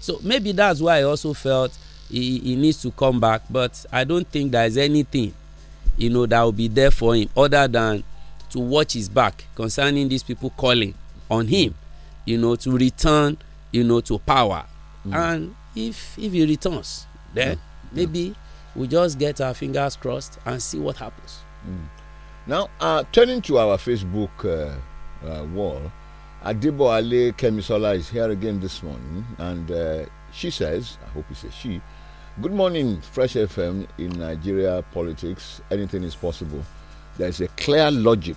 So maybe that's why I also felt he, he needs to come back, but I don't think there's anything, you know, that will be there for him other than to watch his back concerning these people calling on him, you know, to return, you know, to power. Mm. And if if he returns, then maybe we just get our fingers crossed and see what happens. Mm. Now, uh, turning to our Facebook uh, uh, wall, Ali Kemisola is here again this morning, and uh, she says, I hope it's a she, Good morning, Fresh FM in Nigeria politics. Anything is possible. There's a clear logic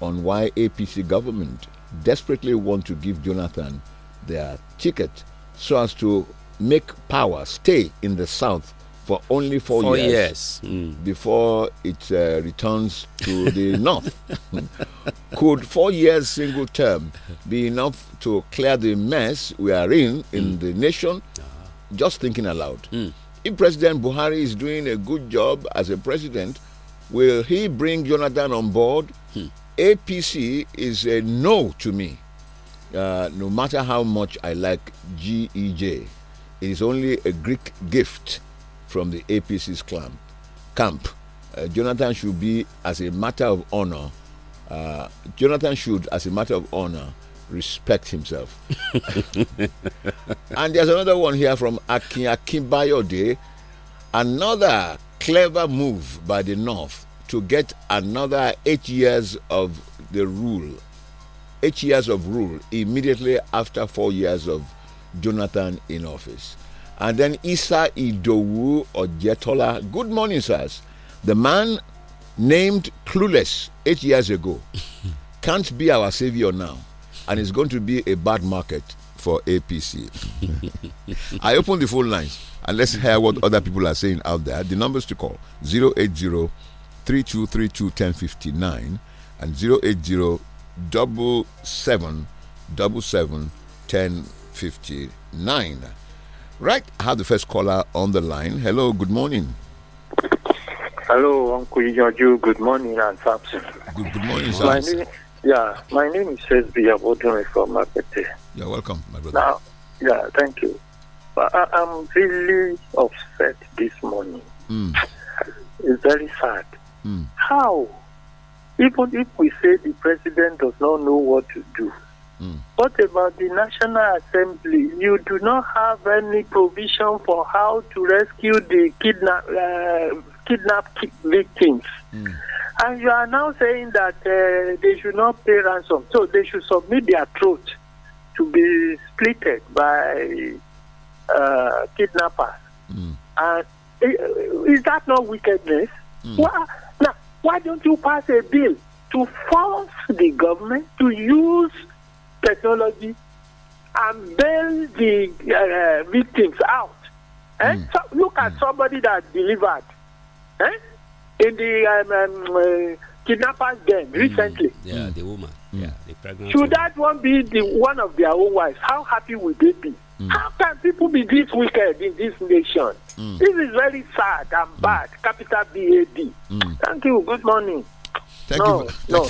on why APC government desperately want to give Jonathan their ticket so as to make power stay in the south for only four, four years, years. Mm. before it uh, returns to the north. Could four years single term be enough to clear the mess we are in in mm. the nation? Uh-huh. Just thinking aloud. Mm. If President Buhari is doing a good job as a president, will he bring Jonathan on board? Hmm. APC is a no to me, uh, no matter how much I like GEJ. It is only a Greek gift from the APC's camp. Uh, Jonathan should be, as a matter of honor, uh, Jonathan should, as a matter of honor, respect himself. and there's another one here from Akin Akinbayode. Another clever move by the North to get another eight years of the rule, eight years of rule immediately after four years of Jonathan in office. And then Isa Idowu Ojetola. Good morning, sirs. The man named Clueless eight years ago can't be our savior now. And it's going to be a bad market for APC. I open the phone lines and let's hear what other people are saying out there. The numbers to call 080 3232 1059 and 080 double seven double seven ten fifty nine. Right, I have the first caller on the line. Hello, good morning. Hello, Uncle George. Good morning, and Samson. Good, good morning, Samson. My name, yeah, my name is Sesbi Abodun from Makete. You're welcome, my brother. Now, yeah, thank you. But I, am really upset this morning. Mm. It's very sad. Mm. How? Even if we say the president does not know what to do, Mm. What about the National Assembly? You do not have any provision for how to rescue the kidnap, uh, kidnapped victims. Mm. And you are now saying that uh, they should not pay ransom. So they should submit their throat to be splitted by uh, kidnappers. Mm. And uh, is that not wickedness? Hmm. Why, now, why don't you pass a bill to force the government to use technology and bail the uh, victims out. Eh? Mm. So look at hmm. somebody that delivered eh? in the um, um, uh, kidnappers den mm. recently. Yeah, hmm. the woman. Hmm. Yeah, the pregnant. Should woman. that one be the one of their own wives? How happy would they be? How can people be this wicked in this nation? This is very sad and bad. Capital B A D. Thank you. Good morning. Thank no, you. For, no.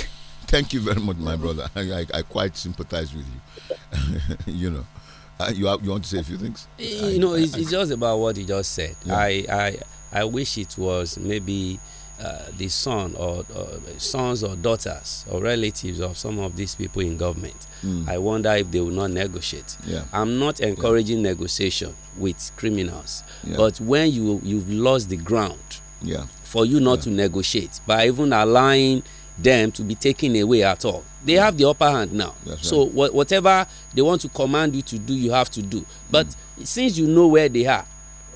Thank you very much, my brother. I, I quite sympathize with you. you know, uh, you, have, you want to say a few things? Eh, you I, know, it's, I, it's, just about what you just said. Yeah. I, I I wish it was maybe uh, the son or, or, sons or daughters or relatives of some of these people in government. Mm. I wonder if they will not negotiate. Yeah. I'm not encouraging yeah. negotiation with criminals, but when you you've lost the ground, for you not to negotiate by even allowing them to be taken away at all. They yeah. have the upper hand now. so wh whatever they want to command you to do, you have to do. But mm. since you know where they are,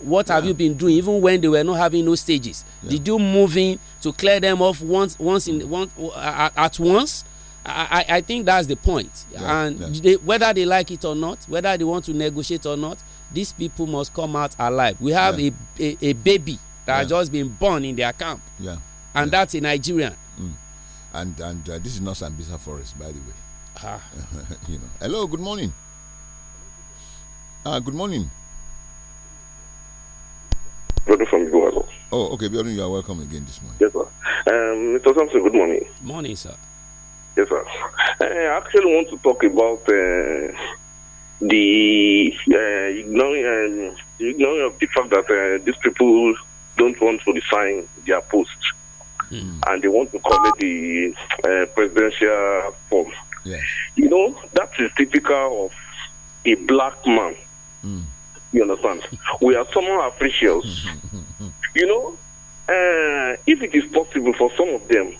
what yeah. have you been doing? Even when they were not having no stages, yeah. did you move in to clear them off once, once in mm. once uh, at once? I, I, think that's the point. and they, whether they like it or not, whether they want to negotiate or not, these people must come out alive. We have a, a, a, baby that has just been born in their camp, and that's a Nigerian and and uh, this is not Sambisa Forest, by the way. Ah. you know. Hello. Good morning. Ah, good morning. From oh, okay, Bjorn, you are welcome again this morning. Yes, sir. Um, Mr. Sampson, good morning. Morning, sir. Yes, sir. Uh, I actually want to talk about uh, the uh, ignoring, um, ignoring of the fact that uh, these people don't want to resign their posts. Mm. and they want to collect the uh, presidential form. Yes. You know, that is typical of a black man. Mm. You understand? we are somehow officials. you know, uh, if it is possible for some of them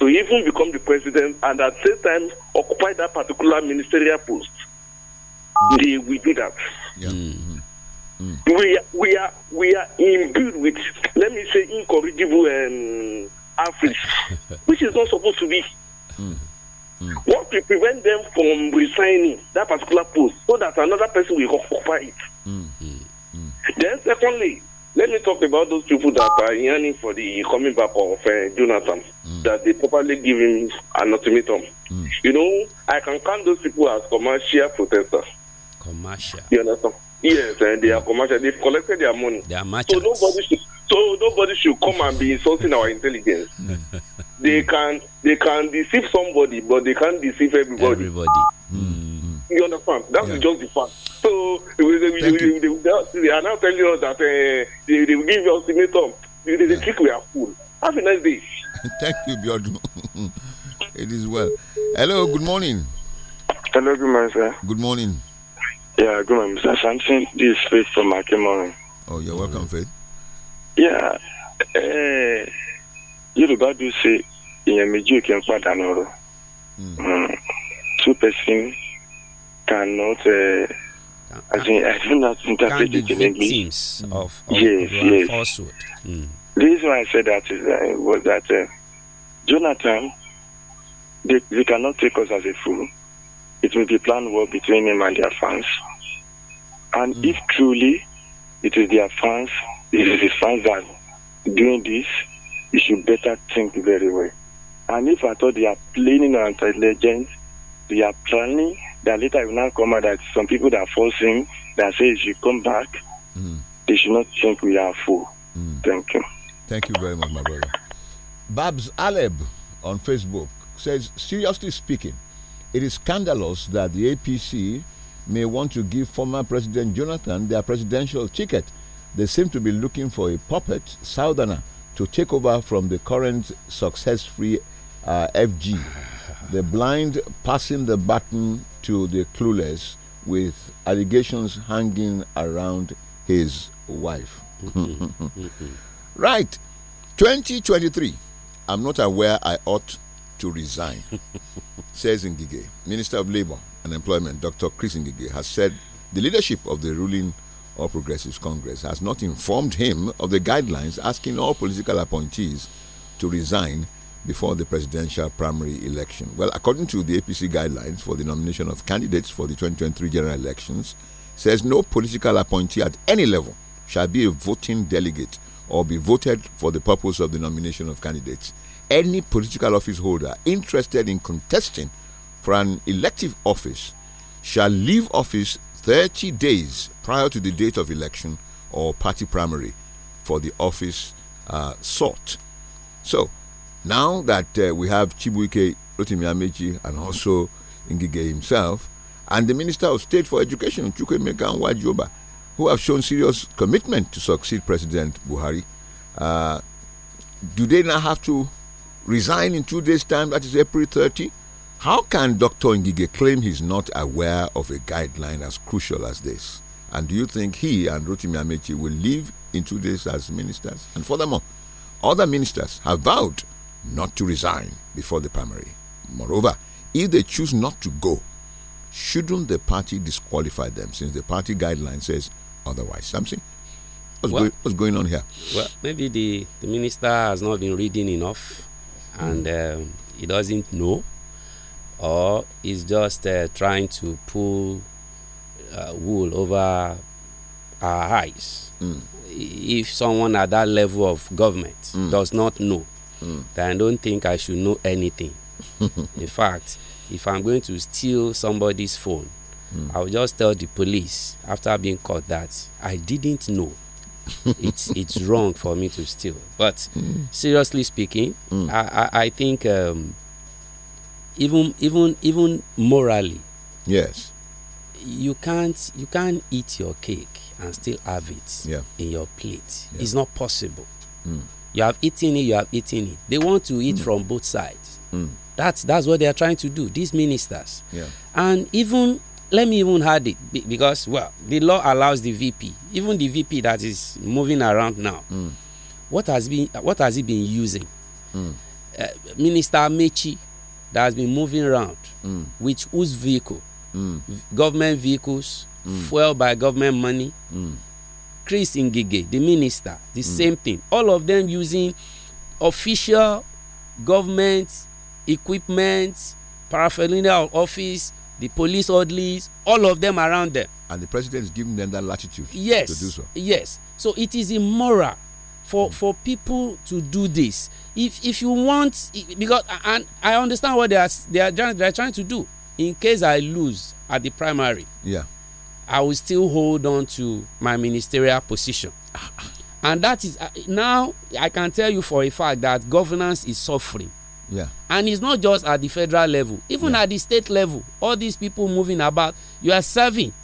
to even become the president and at the same time occupy that particular ministerial post, mm. they will do that. Yeah. -hmm. Mm. We we are we are imbued with let me say incorrigible um, average, which is not supposed to be. Mm. Mm. What will prevent them from resigning that particular post so that another person will occupy it? Mm. Then, secondly, let me talk about those people that are yearning for the coming back of uh, Jonathan, mm. that they properly give him an ultimatum. Mm. You know, I can count those people as commercial protesters. Commercial. You understand? Yes, and they are commercial. They've collected their money. They are commercial. So nobody should, so nobody should come and be insulting our intelligence. they can they can deceive somebody, but they can't deceive everybody. Everybody. Mm. You understand? That's yeah. just the fact. So we, we, we, they, they, are now telling us that uh, they, they will give you ultimatum. They, they, yeah. think we are fool. Have a nice day. Thank you, Bjorn. it is well. Hello. Good morning. Hello. Good morning, sir. Good morning. Yeah, good morning, Mr. Sampson. This is Faith from Akimori. Oh, you're welcome, Faith. Yeah, uh, Yoruba do say, ìyẹn méjì òkè ń padà lọ́rọ̀. Two person cannot, uh, as in, I don't know how interpret it in English. victims mm. of, of yes, yes. falsehood. Mm. The reason why I said that is that, eh, was that uh, Jonathan, they, they cannot take us as a fool. it will be planned war between him and their fans. And mm. if truly it is their fans, it is his fans that doing this, you should better think very well. And if I thought they are planning on intelligence, they are planning that later will now come out that some people that force him that say he should come back, mm. they should not think we are fool. Mm. Thank you. Thank you very much, my brother. Babs Aleb on Facebook says, seriously speaking, it is scandalous that the APC may want to give former President Jonathan their presidential ticket. They seem to be looking for a puppet, Southerner, to take over from the current success free uh, FG. The blind passing the baton to the clueless with allegations hanging around his wife. Mm-hmm. Mm-hmm. right. 2023. I'm not aware I ought to resign, says Ngige. Minister of Labour and Employment, Dr. Chris Ngige, has said the leadership of the ruling All Progressives Congress has not informed him of the guidelines asking all political appointees to resign before the presidential primary election. Well, according to the APC guidelines for the nomination of candidates for the 2023 general elections, says no political appointee at any level shall be a voting delegate or be voted for the purpose of the nomination of candidates any political office holder interested in contesting for an elective office shall leave office 30 days prior to the date of election or party primary for the office uh, sought. So, now that uh, we have Chibuike Rotimi and also Ngige himself, and the Minister of State for Education, Chukwemeka Nwajoba, who have shown serious commitment to succeed President Buhari, uh, do they now have to resign in two days' time, that is April 30. How can Dr. Ngige claim he's not aware of a guideline as crucial as this? And do you think he and Rotimi Amechi will leave in two days as ministers? And furthermore, other ministers have vowed not to resign before the primary. Moreover, if they choose not to go, shouldn't the party disqualify them since the party guideline says otherwise? Something. What's, well, going, what's going on here? Well, maybe the, the minister has not been reading enough and um, he doesn't know or he's just uh, trying to pull uh, wool over our eyes. Mm. If someone at that level of government mm. does not know, mm. then I don't think I should know anything. In fact, if I'm going to steal somebody's phone, mm. I'll just tell the police after being caught that I didn't know. it's it's wrong for me to steal. But mm. seriously speaking, mm. I, I, I think um, even even even morally, yes, you can't you can't eat your cake and still have it yeah. in your plate. Yeah. It's not possible. Mm. You have eaten it. You have eaten it. They want to eat mm. from both sides. Mm. That's that's what they are trying to do. These ministers, yeah. and even let me even add it because well the law allows the vp even the vp that is moving around now mm. what has been what has he been using mm. uh, minister amechi that has been moving around mm. with whose vehicle hmm. government vehicles hmm. fueled by government money hmm. chris ngige the minister the same thing all of them using official government equipment paraphernalia of office the police orderlies all of them around them. and the president is giving them that latitude. yes to do so. yes so it is immoral for mm. for people to do this if if you want because and I understand what they are they are they are trying to do in case I lose at the primary. yeah. I will still hold on to my ministerial position. Ah, ah. and that is uh, now I can tell you for a fact that governance is suffering Yeah. And it's not just at the federal level, even yeah. at the state level, all these people moving about, you are serving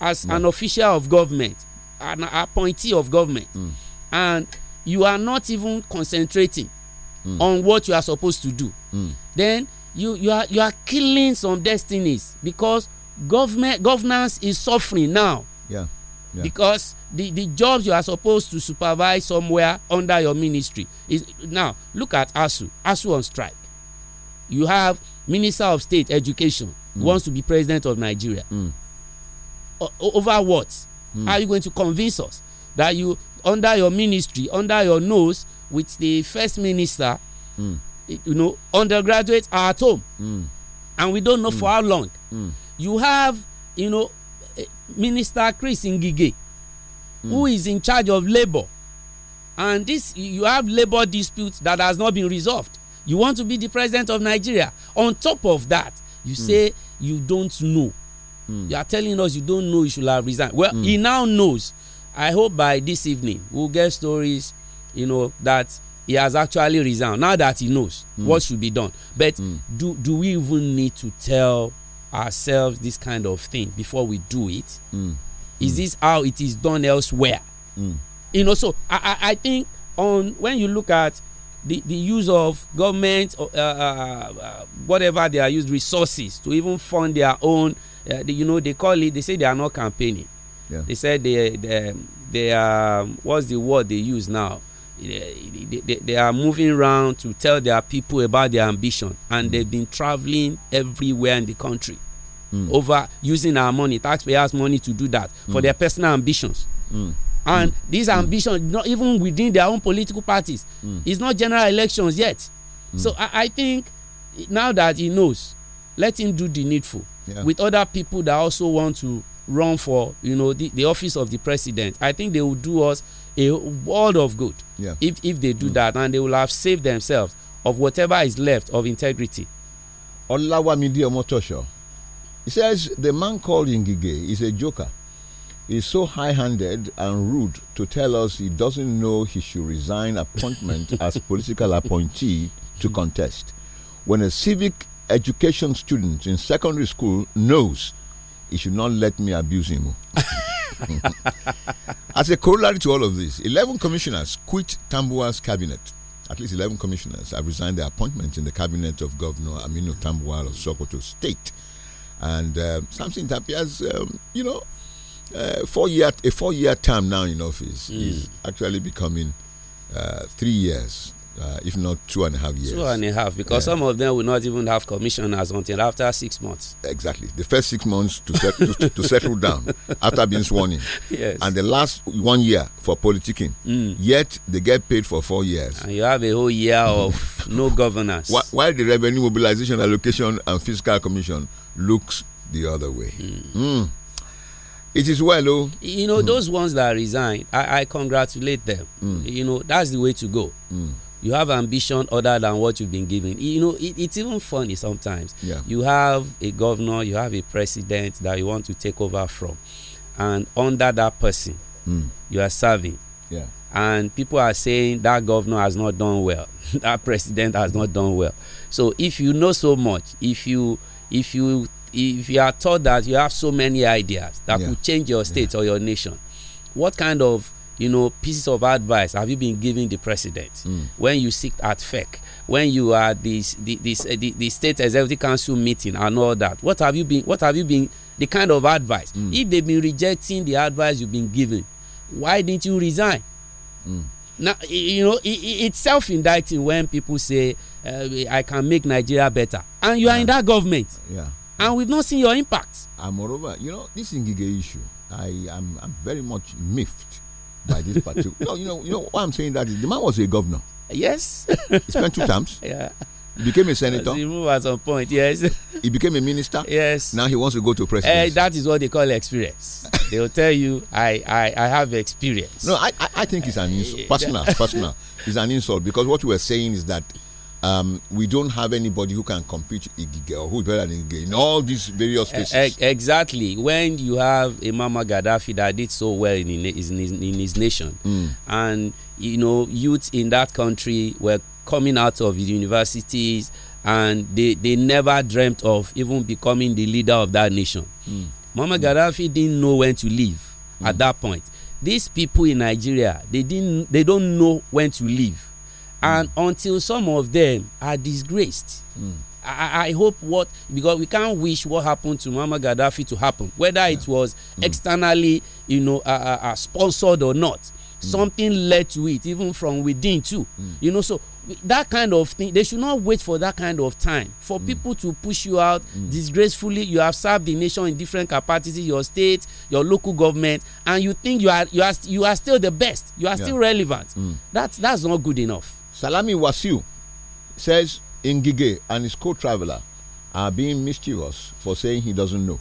as yeah. an official of government, an appointee of government, mm. and you are not even concentrating mm. on what you are supposed to do. Mm. Then you you are you are killing some destinies because government governance is suffering now. Yeah. Yeah. Because the, the jobs you are supposed to supervise somewhere under your ministry is now look at ASU. ASU on strike. You have Minister of State Education mm. wants to be president of Nigeria. Mm. O over what? Mm. Are you going to convince us that you under your ministry, under your nose, with the first minister, mm. you know, undergraduates are at home, mm. and we don't know for mm. how long. You have, you know, Minister Chris Ngige, mm. who hmm. is in charge of labour, and this you have labour dispute that has not been resolved. You want to be the president of Nigeria. On top of that, you mm. say you don't know. Mm. You are telling us you don't know you should have resigned. Well, he hmm. now knows. I hope by this evening we'll get stories, you know, that he has actually resigned now that he knows mm. what should be done but mm. do do we even need to tell ourselves this kind of thing before we do it? Mm. Is mm. this how it is done elsewhere? Mm. You know, so I, I, I think on when you look at the, the use of government, uh, uh, uh whatever they are used resources to even fund their own, uh, the, you know, they call it, they say they are not campaigning. Yeah. They said they, they, they are, what's the word they use now? they, they, they are moving around to tell their people about their ambition and mm. they've been traveling everywhere in the country mm. over using our money taxpayers money to do that mm. for their personal ambitions mm. and mm. these mm. ambitions not even within their own political parties it's not general elections yet so I, I, think now that he knows let him do the needful yeah. with other people that also want to run for you know the, the office of the president i think they will do us a world of good yeah. if if they do mm. that and they will have saved themselves of whatever is left of integrity. Olawamide Omotosho. He says the man called Ingige is a joker. He's so high-handed and rude to tell us he doesn't know he should resign appointment as political appointee to contest. When a civic education student in secondary school knows he should not let me abuse him. As a corollary to all of this, 11 commissioners quit Tambua's cabinet. At least 11 commissioners have resigned their appointments in the cabinet of Governor Aminu Tambua of Sokoto State. And uh, Samson Tapia's, um, you know, uh, four year, a four year term now in office mm. is actually becoming uh, three years uh, if not two and a half years. Two and a half, because yeah. some of them will not even have commissioners until after six months. Exactly, the first six months to, set, to, to, settle down after being sworn in, yes. and the last one year for politicking. Mm. Yet they get paid for four years. And you have a whole year of no governance. While the Revenue Mobilization Allocation and Fiscal Commission looks the other way. Mm. Mm. It is well, oh. You know hmm. those ones that resigned. I, I congratulate them. Hmm. You know that's the way to go hmm. you have ambition other than what you've been given you know it, it's even funny sometimes yeah. you have a governor you have a president that you want to take over from and under that person mm. you are serving yeah. and people are saying that governor has not done well that president has not done well so if you know so much if you if you if you are taught that you have so many ideas that yeah. could change your state yeah. or your nation what kind of you know, pieces of advice have you been giving the president mm. when you sit at FEC, when you are this, the, this, the, the state executive council meeting and all that? What have you been? What have you been? The kind of advice. Mm. If they've been rejecting the advice you've been giving, why didn't you resign? Mm. Now you know it's self-indicting when people say uh, I can make Nigeria better, and you yeah. are in that government. Yeah. And we've not seen your impact. And moreover, you know this a issue, I'm, I'm very much miffed by this particular. no, you know, you know why I'm saying that is the man was a governor. Yes. he spent two terms. Yeah. He became a senator. He moved at some point, yes. He became a minister. Yes. Now he wants to go to president. Uh, that is what they call experience. they will tell you, I, I, I have experience. No, I, I, I think it's an insult. Personal, personal. It's an insult because what you were saying is that um, we don't have anybody who can compete Igige or who's better than Igige in all these various places. Exactly. When you have Imama Gaddafi that did so well in, in, his, in his nation, mm. and you know, youth in that country were coming out of universities and they, they never dreamt of even becoming the leader of that nation. Mm. Mama mm. Gaddafi didn't know when to leave mm. at that point. These people in Nigeria, they didn't they don't know when to leave and until some of them are disgraced. Mm. I, I, hope what because we can't wish what happened to Mama Gaddafi to happen, whether yeah. it was mm. externally, you know, uh, uh, uh sponsored or not. Mm. Something led to it, even from within too. Hmm. You know, so that kind of thing they should not wait for that kind of time for mm. people to push you out mm. disgracefully you have served the nation in different capacities your state your local government and you think you are you are you are still the best you are yeah. still relevant mm. that's that's not good enough Salami Wasiu says Ngige and his co traveler are being mischievous for saying he doesn't know.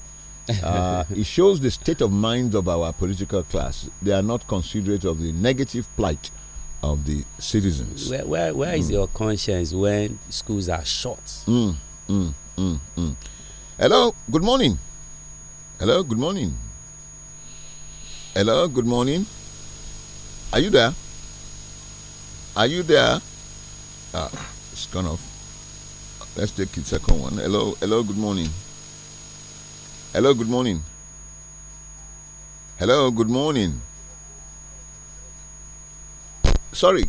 Uh, it shows the state of mind of our political class. They are not considerate of the negative plight of the citizens. Where, where, where mm. is hmm. your conscience when schools are short? Mm, mm, hmm, hmm. Hello, good morning. Hello, good morning. Hello, good morning. Are you there? Are you there? Ah, it's gone off. Let's take the second one. Hello, hello, good morning. Hello, good morning. Hello, good morning. Sorry.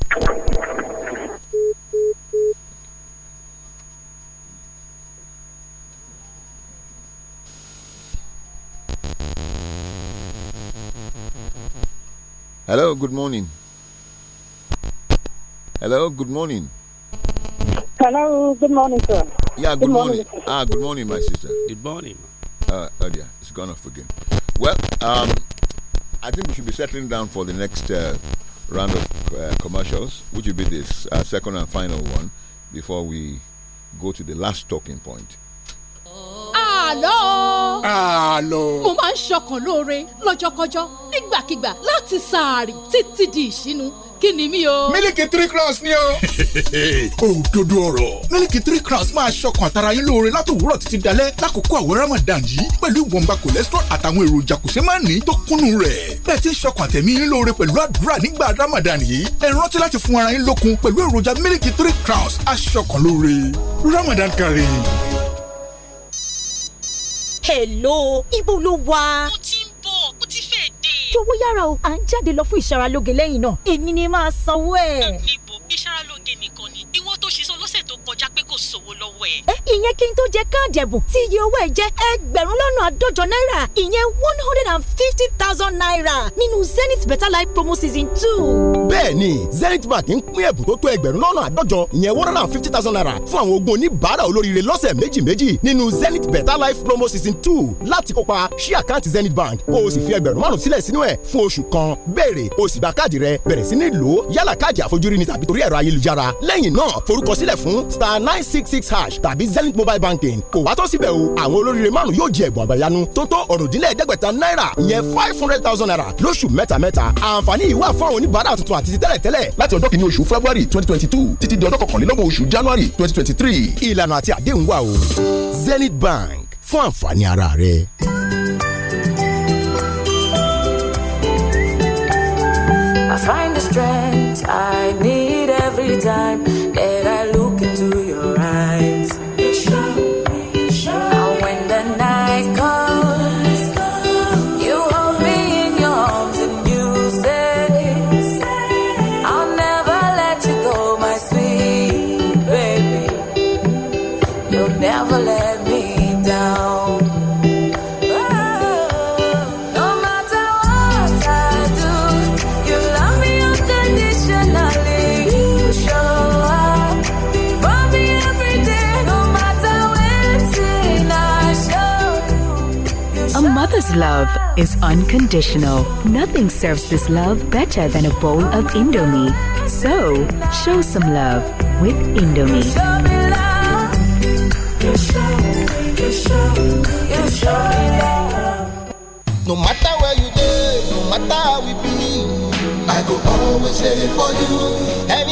Hello, good morning. Hello, good morning. Hello, good morning, sir. Yeah, good, good morning. morning ah, good morning, my sister. Good morning. Uh, oh dear, it's gone off again. Well, um, I think we should be settling down for the next uh, round of uh, commercials, which will be this uh, second and final one before we go to the last talking point. àlọ́. àlọ́. mo máa ń ṣọkàn lóore lọ́jọ́kọjọ́ nígbàkigbà láti sáàrì títí di ìṣínú kí ni mí o. mílìkì three crowns ni o. òdodo ọ̀rọ̀ mílìkì three crowns máa ṣọkàn àtàrà yín lóore látòwúrọ̀ títí dalẹ́ lákòókò àwẹ̀ ramadan yìí pẹ̀lú ìwọ̀nba cholesterol àtàwọn èròjà kò ṣe máa ní tó kúnnú rẹ̀. bẹ́ẹ̀ ti ń ṣọkàn àtẹ̀mí yín lóore pẹ̀lú àdúrà nígbà ramadan yìí ẹ rántí láti fún ara yín lókun pẹ̀lú èròjà mílìkì three crowns aṣọkàn lóore ramadan kárí. hello ibo ló wà sanwó yàrá o à ń jáde lọ fún ìṣaralóge lẹ́yìn náà èmi ni máa sanwó ẹ̀. ṣòwò lọ́wọ́ ẹ̀. ẹ ìyẹn kí n tó jẹ káàdì ẹ̀bùn tí iye owó ẹ̀ jẹ́ ẹgbẹ̀rún lọ́nà àádọ́jọ náírà ìyẹn one hundred and fifty thousand naira nínú zenith better life promo season two. bẹ́ẹ̀ni zenith bank ń pín ẹ̀bùn tó tó ẹgbẹ̀rún lọ́nà àádọ́jọ ìyẹn one hundred and fifty thousand naira fún àwọn ogun oníbàárà olóríire lọ́sẹ̀ méjì méjì nínú zenith better life promo season two láti kópa ṣí àkáǹtì zenith bank kó o sì fi ẹgbẹ̀rún márùn sílẹ̀ sínú ẹ̀ fún oṣù kan béèrè o sì gba káàdì rẹ bẹ̀rẹ̀ sí ní lò ó yálà káàdì àfojúrí ni tàbí torí ẹ̀rọ ayélujára lẹ́yìn náà forúkọsílẹ̀ fún star nine six six six hash tàbí zenith mobile banking kò wá tó síbẹ̀ o àwọn olóríire márùn yóò jẹ ẹ̀bùn àbáyanu tó tó ọ̀rùndínlẹ̀ẹ́dẹ́gbẹ̀ta náírà ìyẹn five hundred thousand naira lóṣù mẹ́tamẹ́ta àǹfààní yìí wà fún àwọn oníbàárà tuntun àti ti tẹ́lẹ̀tẹ́lẹ̀ láti ọjọ́ kìíní oṣù february twenty twenty two títí di ọjọ́ kọkànlélọ́gbọ̀n oṣù january twenty twenty three ìlànà àti àdéhùn wà o zenith bank fún àǹfààní ara rẹ. I find the strength I need. love is unconditional. Nothing serves this love better than a bowl of Indomie. So, show some love with Indomie. No matter where you go, no matter how we be, I go always for you.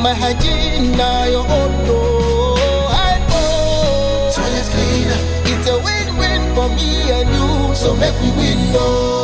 mahajina yo oto oh. It's a win-win for me and you, so make we win, no oh.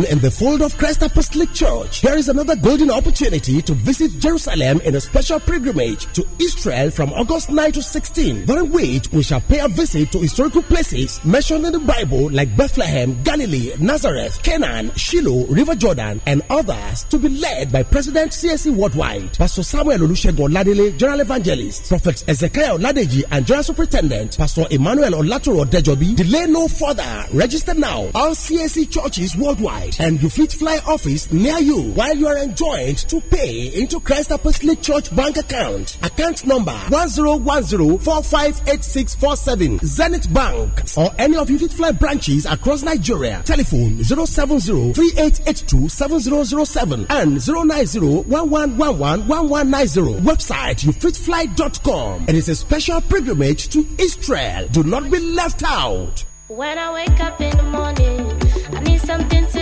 in the fold of Christ Apostolic Church, there is another golden opportunity to visit Jerusalem in a special pilgrimage to Israel from August 9 to 16, during which we shall pay a visit to historical places mentioned in the Bible like Bethlehem, Galilee, Nazareth, Canaan, Shiloh, River Jordan, and others to be led by President CSE Worldwide, Pastor Samuel Olusegun Oladele, General Evangelist, Prophet Ezekiel Oladeji, and General Superintendent, Pastor Emmanuel Olatoro Dejobi. Delay no further. Register now. All CSE churches worldwide and you fit fly office near you while you are enjoined to pay into Christ Apostolic Church bank account. Account number 1010458647 Zenith Bank or any of you fit fly branches across Nigeria. Telephone 07038827007 and 09011111190. Website youfitfly.com. It is a special pilgrimage to Israel. Do not be left out. When I wake up in the morning, I need something to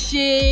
Appreciate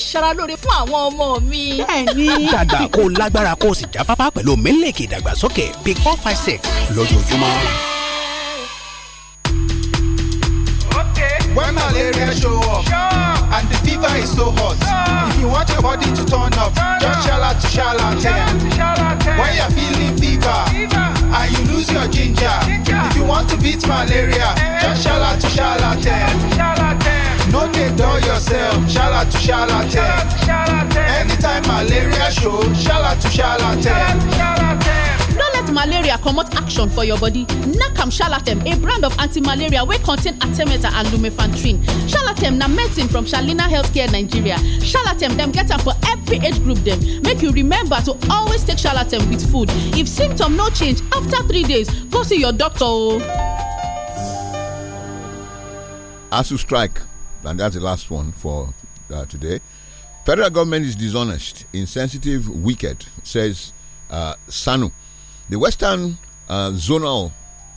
ìṣara lóore fún àwọn ọmọ mi. bẹ́ẹ̀ni. dàgbà kó lágbára kó sì jáfáfá pẹ̀lú mílíkì ìdàgbàsókè big four five six lójoojúmọ́. When malaria show up sure. and the fever is so hot, sure. if you want your body to turn up, turn just shala to ten. When you're feeling fever, fever and you lose your ginger, ginger, if you want to beat malaria, hey. Eh. just shala to ten. No dey dull yourself, shala to charlatan. Anytime malaria show, shala to charlatan. no let malaria comot action for your body nakam shalatem a brand of anti-malaria where contain artemata and lumefantrine shalatem na medicine from shalina healthcare nigeria shalatem dem get up for every age group them. make you remember to always take shalatem with food if symptom no change after three days go see your doctor As oh. asu strike and that's the last one for uh, today. Federal government is dishonest, insensitive, wicked, says uh, Sanu. The Western uh, Zonal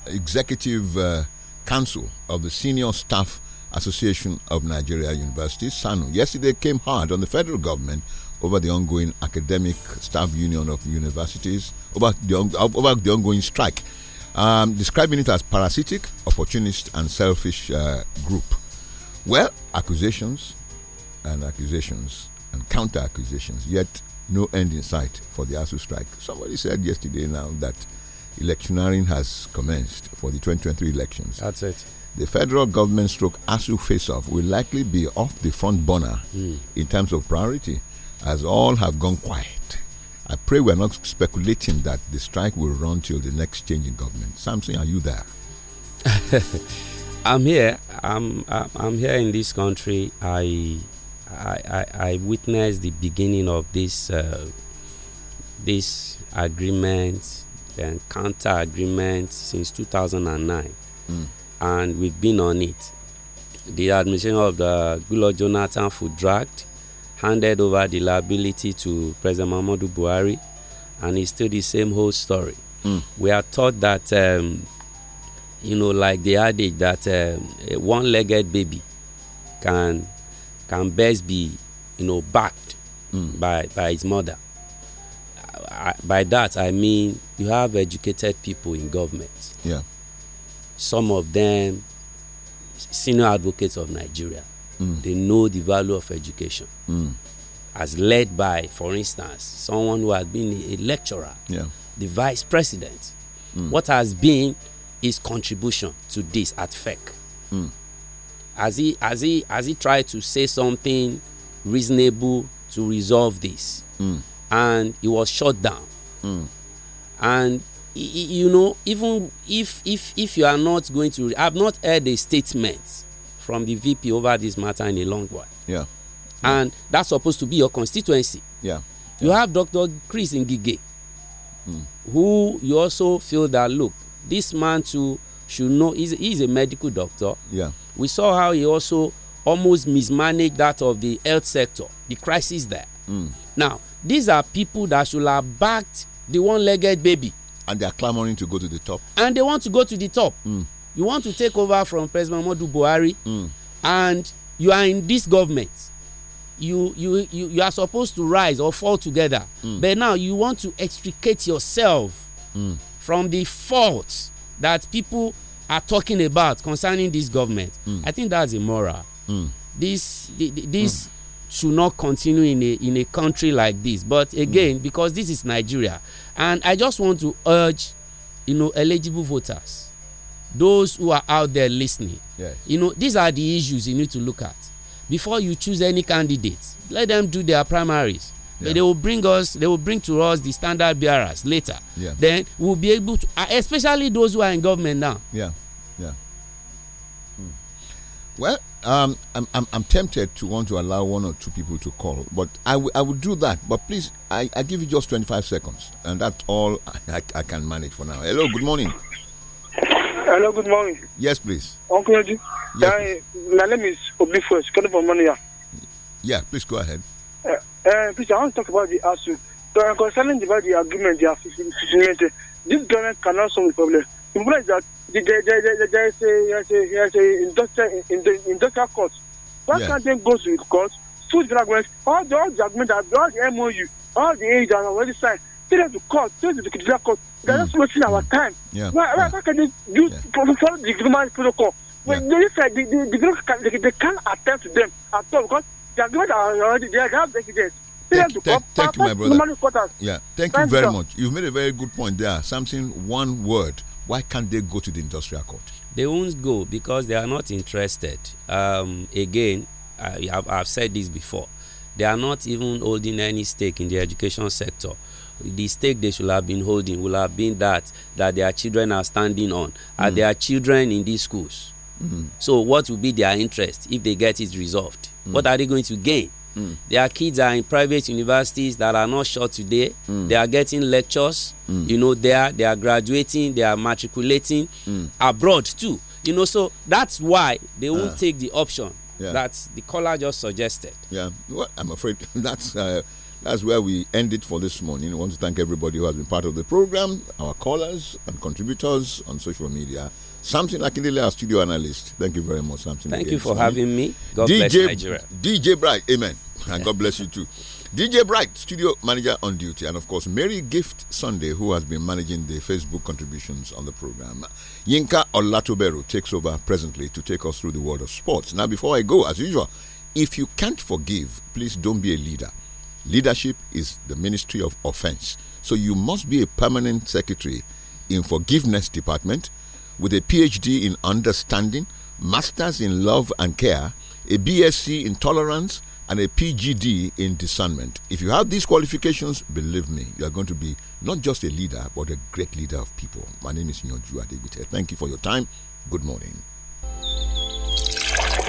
Executive uh, Council of the Senior Staff Association of Nigeria Universities, SANU, yesterday came hard on the federal government over the ongoing academic staff union of universities, over the, over the ongoing strike, um, describing it as parasitic, opportunist, and selfish uh, group. Well, accusations and accusations and counter accusations, yet no end in sight for the ASU strike. Somebody said yesterday now that electioneering has commenced for the 2023 elections. That's it. The federal government stroke ASU face off will likely be off the front burner mm. in terms of priority as all have gone quiet. I pray we're not speculating that the strike will run till the next change in government. Samson, are you there? I'm here. I'm I'm here in this country. I I I, I witnessed the beginning of this uh, this agreement, and counter agreement since 2009, mm. and we've been on it. The administration of the Goodluck Jonathan Food Draft handed over the liability to President Mahmoud Buhari, and it's still the same whole story. Mm. We are taught that um, you know, like the adage that um, a one-legged baby can can best be, you know, backed mm. by by his mother. I, by that I mean you have educated people in government. Yeah. Some of them senior advocates of Nigeria. Mm. They know the value of education. Mm. As led by, for instance, someone who has been a lecturer, yeah. the vice president. Hmm. What has been his contribution to this at FEC? Mm. Has he has he has he tried to say something reasonable to resolve this? Mm. And he was shut down. Mm. And you know, even if if if you are not going to, I've not heard a statement from the VP over this matter in a long while. Yeah. yeah. And that's supposed to be your constituency. Yeah. yeah. You have Dr. Chris Ngige, mm. who you also feel that look, this man too should know he's, he's a medical doctor. Yeah. We saw how he also almost mismanaged that of the health sector, the crisis there. Mm. Now, these are people that should have backed the one-legged baby. And they are clamoring to go to the top. And they want to go to the top. Mm. You want to take over from President Modu Buhari, mm. and you are in this government. You, you you you are supposed to rise or fall together. Mm. But now you want to extricate yourself mm from the faults that people are talking about concerning this government. Mm. I think that's immoral. Mm. This this mm. should not continue in a in a country like this. But hmm. again, because this is Nigeria, and I just want to urge, you know, eligible voters, those who are out there listening. Yes. You know, these are the issues you need to look at before you choose any candidate. Let them do their primaries Yeah. They will bring us, they will bring to us the standard bearers later. Yeah. Then we'll be able to, uh, especially those who are in government now. Yeah, yeah. Hmm. Well, um, I'm, I'm, I'm, tempted to want to allow one or two people to call, but I, I will do that. But please, I, I give you just 25 seconds, and that's all I, I, I can manage for now. Hello, good morning. Hello, good morning. Yes, please. Uncle Eddie. Yes, my name is Obi First, coming from Mania. Yeah, please go ahead. Uh, uh, Peter, I want to talk about the issue. So, concerning about the agreement, the fulfillment, this government cannot solve the problem. The problem is that there is a, a, industrial, in the, industrial court. Why yes. can't they go to the court, Food fragments. all the, all the agreement, all the MOU, all the aids are already signed, take them to court, take them to the court. They're mm. just wasting our time. Yeah. Why, why, yeah. why can't they use, yeah. follow the agreement protocol? When yeah. they, they, they, they, they can't attend to them at all because Thank, you, my brother. Yeah, thank you very much. You've made a very good point there. Something, one word. Why can't they go to the industrial court? They won't go because they are not interested. Um, again, I, have I've said this before. They are not even holding any stake in the education sector the stake they should have been holding will have been that that their children are standing on mm. are hmm. their children in these schools So, what will be their interest if they get it resolved? Mm. What are they going to gain? Mm. Their kids are in private universities that are not sure today. Mm. They are getting lectures. Mm. You know, they are they are graduating, they are matriculating mm. abroad too. You know, so that's why they won't uh, take the option yeah. that the caller just suggested. Yeah, well, I'm afraid that's. Uh, that's where we end it for this morning. I want to thank everybody who has been part of the program, our callers and contributors on social media. Samson Akindele, our studio analyst. Thank you very much, Samson. Thank again. you for having me. God DJ, bless Nigeria. DJ Bright, amen. And God bless you too. DJ Bright, studio manager on duty, and of course, Mary Gift Sunday, who has been managing the Facebook contributions on the program. Yinka Olatoberu takes over presently to take us through the world of sports. Now, before I go, as usual, if you can't forgive, please don't be a leader. Leadership is the ministry of offense. So you must be a permanent secretary in forgiveness department with a PhD in understanding, master's in love and care, a BSc in tolerance, and a PGD in discernment. If you have these qualifications, believe me, you are going to be not just a leader, but a great leader of people. My name is Nyonju Adebite. Thank you for your time. Good morning.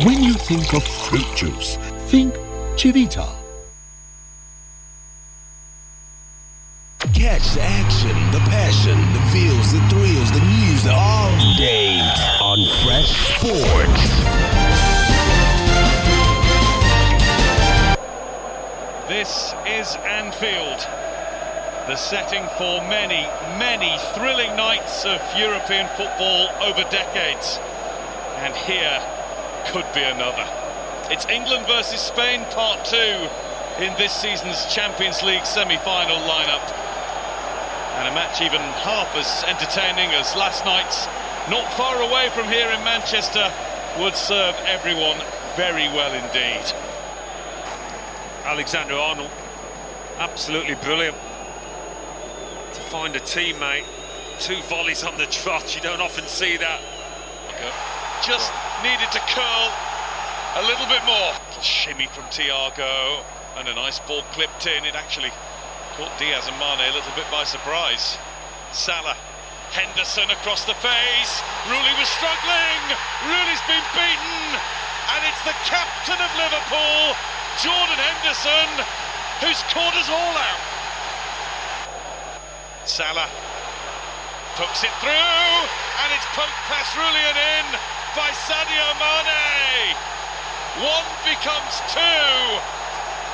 When you think of fruit juice, think Chivita Catch the action, the passion, the feels, the thrills, the news all day on Fresh Sports. This is Anfield, the setting for many, many thrilling nights of European football over decades. And here could be another. It's England versus Spain, part two in this season's Champions League semi-final lineup. And a match even half as entertaining as last night's. Not far away from here in Manchester would serve everyone very well indeed. Alexander Arnold, absolutely brilliant. To find a teammate, two volleys on the trot, you don't often see that. Just needed to curl a little bit more. Shimmy from Tiago, and a nice ball clipped in. It actually Caught Diaz and Mane a little bit by surprise. Salah. Henderson across the face. Rooney was struggling. Rooney's been beaten. And it's the captain of Liverpool, Jordan Henderson, who's caught us all out. Salah tucks it through. And it's poked past Rooney and in by Sadio Mane. One becomes two.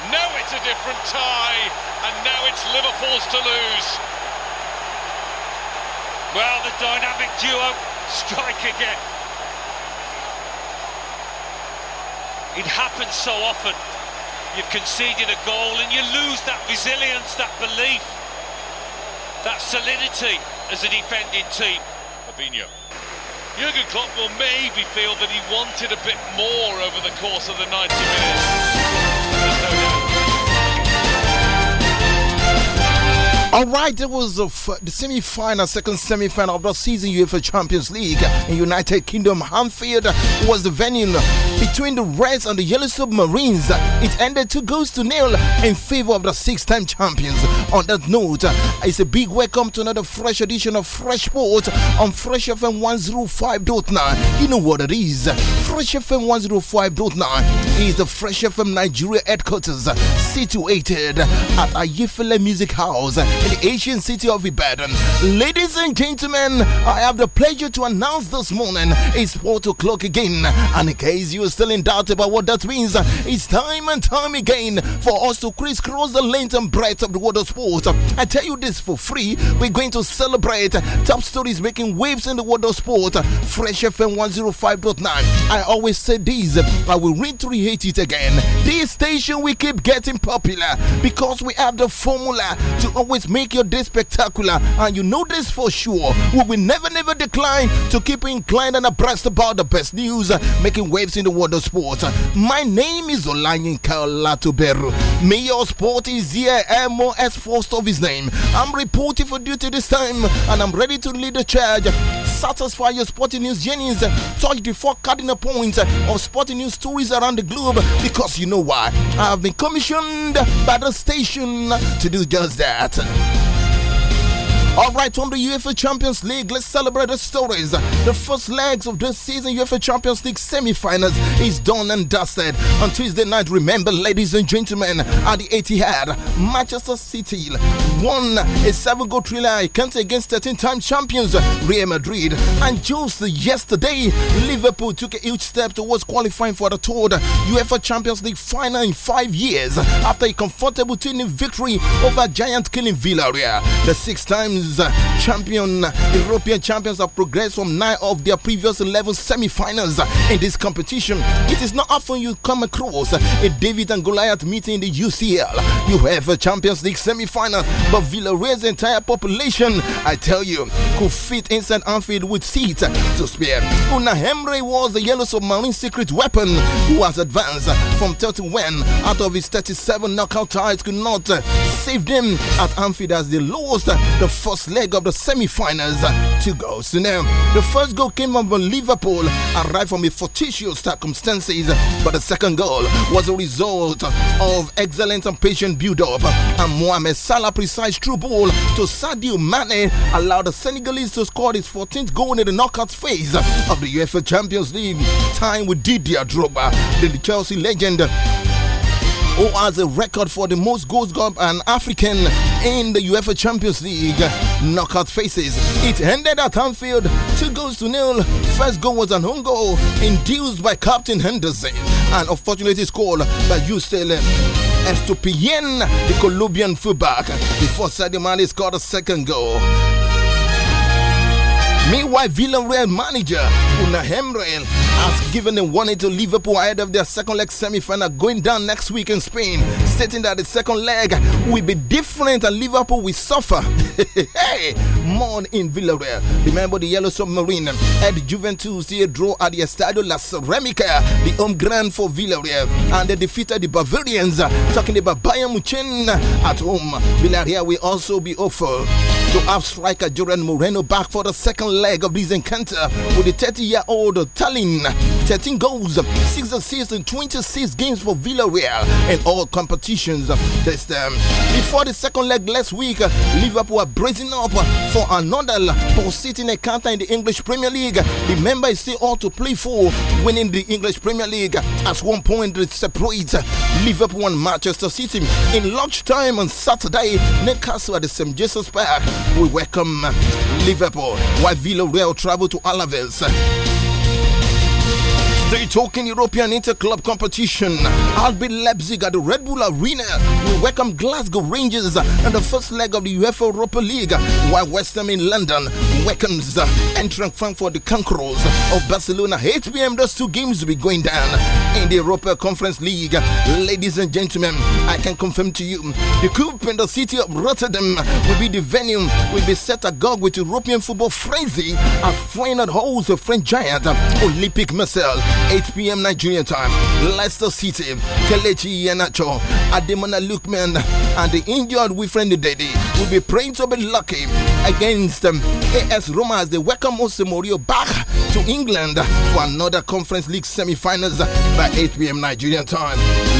No, it's a different tie, and now it's Liverpool's to lose. Well, the dynamic duo strike again. It happens so often. You've conceded a goal and you lose that resilience, that belief, that solidity as a defending team. Fabinho. Jurgen Klopp will maybe feel that he wanted a bit more over the course of the 90 minutes. All right, it was the, the semi-final, second semi-final of the season UEFA Champions League in United Kingdom. Hanfield was the venue between the Reds and the Yellow Submarines. It ended two goals to nil in favor of the six-time champions. On that note, it's a big welcome to another fresh edition of Fresh Sport on Fresh FM 105.9. You know what it is. Fresh FM 105.9 is the Fresh FM Nigeria headquarters situated at Ayefele Music House in the ancient city of Ibadan. Ladies and gentlemen, I have the pleasure to announce this morning it's 4 o'clock again. And in case you are still in doubt about what that means. It's time and time again for us to crisscross the length and breadth of the world of sports. I tell you this for free. We're going to celebrate top stories making waves in the world of sport. Fresh FM 105.9. I always say this, I will reiterate it again. This station we keep getting popular because we have the formula to always make your day spectacular. And you know this for sure. We will never, never decline to keep inclined and abreast about the best news, making waves in the world the sports. My name is Olayin Kalatuberu. Mayor Sport is here, MOS first of his name. I'm reporting for duty this time and I'm ready to lead the charge. Satisfy your sporting news journeys. Touch the four cardinal points of sporting news stories around the globe because you know why? I've been commissioned by the station to do just that. All right, on the UEFA Champions League, let's celebrate the stories. The first legs of this season UEFA Champions League semi-finals is done and dusted. On Tuesday night, remember, ladies and gentlemen, at the Etihad, Manchester City won a seven-goal thriller against 13-time champions Real Madrid. And just yesterday, Liverpool took a huge step towards qualifying for the third UEFA Champions League final in five years after a comfortable 2-0 victory over giant-killing Villarreal. The six times uh, champion. Uh, European champions have progressed from nine of their previous 11 semi finals in this competition. It is not often you come across uh, a David and Goliath meeting in the UCL. You have a Champions League semi final, but Villarreal's entire population, I tell you, could fit inside Anfield with seats to spare. Una Hemre was the Yellow Submarine secret weapon who has advanced from 1? out of his 37 knockout ties could not save them at Anfield as they lost the first leg of the semi finals. Two goals to them. The first goal came from Liverpool, arrived from a fortuitous circumstances, but the second goal was a result of excellent and patient build up. And Mohamed Salah precise through ball to Sadio Mane allowed the Senegalese to score his 14th goal in the knockout phase of the UEFA Champions League. Time with Didier Drogba, the Chelsea legend who has a record for the most goals got an African in the UEFA Champions League knockout phases. It ended at Anfield, two goals to nil. First goal was an own goal induced by Captain Henderson, and unfortunately scored by UCLM. Estupien, the Colombian fullback, before Sadio Mane scored a second goal. Meanwhile, Villarreal manager Una Hemren has given a warning to Liverpool ahead of their second leg semi-final going down next week in Spain, stating that the second leg will be different and Liverpool will suffer. hey, mourn in Villarreal. Remember the yellow submarine had Juventus they draw at the Estadio La Ceramica, the home ground for Villarreal, and they defeated the Bavarians. Talking about Bayern Munich at home, Villarreal will also be offered to have striker Jordan Moreno back for the second leg leg of this encounter with the 30 year old Tallinn. 13 goals, 6 assists, and 26 games for Villarreal in all competitions. This, um, before the second leg last week, Liverpool are bracing up for another positive encounter in the English Premier League. Remember, it's still all to play for winning the English Premier League. At one point, it separates Liverpool and Manchester City. In lunchtime on Saturday, Newcastle at the St. Jesus Park, we welcome Liverpool. While Villarreal travel to Alaves. Stay talking European Interclub competition. RB Leipzig at the Red Bull Arena will welcome Glasgow Rangers in the first leg of the UEFA Europa League, while West Ham in London Weapons uh, entering Frankfurt, the Conquerors of Barcelona. 8 p.m. Those two games will be going down in the Europa Conference League. Ladies and gentlemen, I can confirm to you the coup in the city of Rotterdam will be the venue, will be set agog with European football frenzy at Feyenoord holds the French giant Olympic Marseille. 8 p.m. Nigerian time. Leicester City, Kelechi Iheanacho, Ademona Lukman, and the injured Wifreni Dedi will be praying to be lucky against um, AS Roma as they welcome Jose Mourinho back to England for another Conference League semi-finals by 8 p.m. Nigerian time.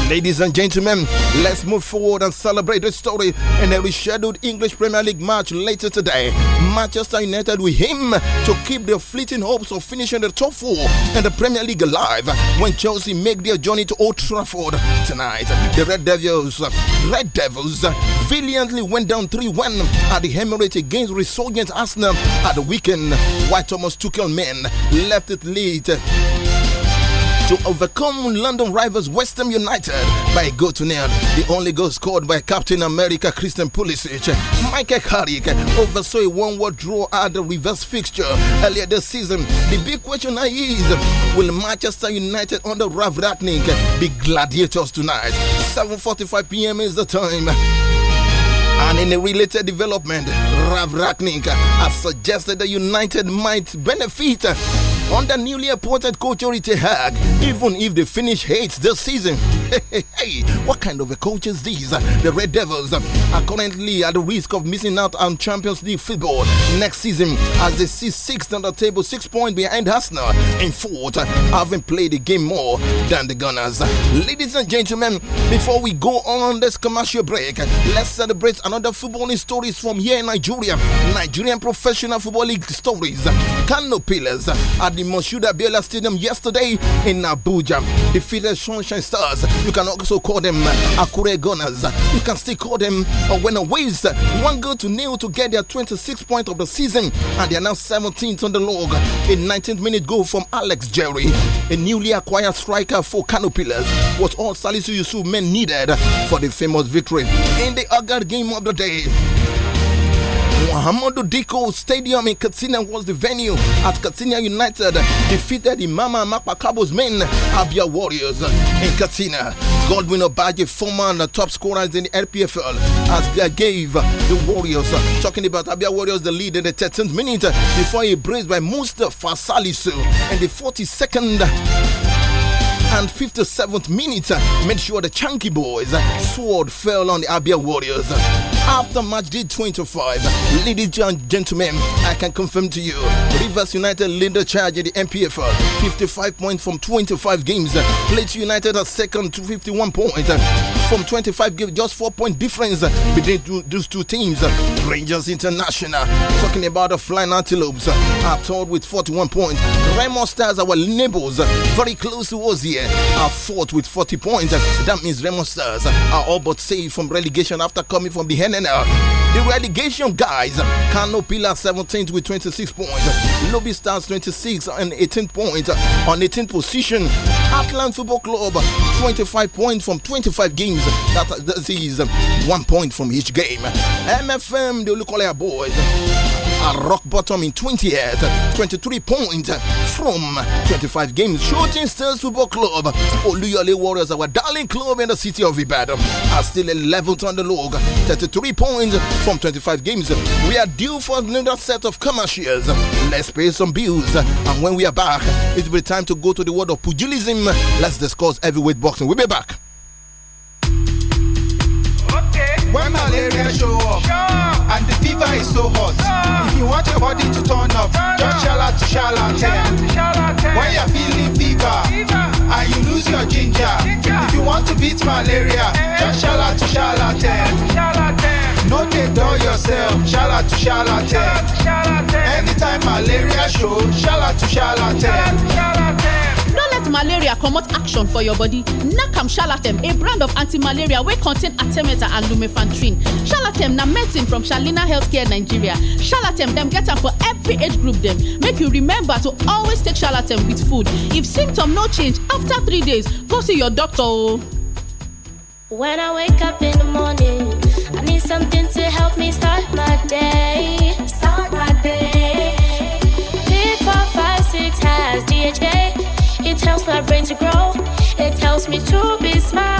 Ladies and gentlemen, let's move forward and celebrate the story in a rescheduled English Premier League match later today. Manchester United with him to keep their fleeting hopes of finishing the top four and the Premier League alive when Chelsea make their journey to Old Trafford tonight. The Red Devils, Red Devils, valiantly went down 3-1 at the Emirates against resurgent Arsenal at the weekend, White Thomas on men left it lead to overcome London rivals West Ham United by a goal to nil. The only goal scored by Captain America Christian Pulisic. Michael Carrick oversaw a one-word draw at the reverse fixture earlier this season. The big question now is, will Manchester United under Rav Ratnick be gladiators tonight? 7.45 p.m. is the time. And in a related development, Rav Ratnik has suggested that United might benefit under newly appointed coach Orite Hag, even if they finish eighth this season. Hey, what kind of a coach is this? The Red Devils are currently at the risk of missing out on Champions League football next season as they sit sixth on the table, six points behind Arsenal in fourth, having played a game more than the Gunners. Ladies and gentlemen, before we go on this commercial break, let's celebrate another footballing stories from here in Nigeria. Nigerian Professional Football League stories. Kano Pillars are. the the Moshuda Biola Stadium yesterday in Abuja. Defeated Sunshine Stars. You can also call them Akure Gunners. You can still call them Waves. One goal to nil to get their 26th point of the season, and they are now 17th on the log. A 19th minute goal from Alex Jerry, a newly acquired striker for Pillars, was all Salisu Yusuf men needed for the famous victory in the other game of the day. Muhammadu Diko Stadium in Katsina was the venue as Katsina United defeated the Mama Mapakabo's men, Abia Warriors in Katsina. Godwin Obaji, former top scorers in the LPFL, as gave the Warriors, talking about Abia Warriors, the lead in the 13th minute before he braced by Mustafa Salisu in the 42nd and 57th minute made sure the Chunky Boys uh, sword fell on the Abia Warriors. After match day 25, ladies and gentlemen, I can confirm to you, Rivers United lead the charge in the MPFL, 55 points from 25 games. Plate United at second to 51 points from 25 gave just four point difference uh, between those two teams. Uh, Rangers International, talking about the Flying Antelopes, uh, are third with 41 points. Raymond Stars, our neighbors, very close to us here, are fourth with 40 points. That means Raymond Stars are all but saved from relegation after coming from the NNL. The relegation guys, Cano Pillar 17th with 26 points, Lobby Stars 26 and 18 points on 18th position, Atlant Football Club 25 points from 25 games games. That, that is one point from each game. MFM, the Lukolia boys are rock bottom in 20th, 23 points from 25 games. Shooting Stars Football Club, Oluyole Warriors, our darling club in the city of Ibadan, are still 11th on the log, 33 points from 25 games. We are due for another set of commercials. Let's pay some bills, and when we are back, it will be time to go to the world of pugilism. Let's discuss heavyweight boxing. We'll be back when malaria show up and the fever is so hot. If you want your body to turn up, just shala to charlatan. When you're feeling fever and you lose your ginger, if you want to beat malaria, just shala to charlatan. No they door yourself, shala to charlatan. Anytime malaria show, shala to charlatan malaria comot action for your body nakam shalatem a brand of anti-malaria wey contain artemata and lumefantrine shalatem na medicine from Charlina healthcare nigeria shalatem dem get am for every age group dem make you remember to always take shalatem with food if symptom no change after three days go see your doctor o. Oh. When I wake up in the morning, I need something to help me start my day. Start my my brain to grow. It helps me to be smart.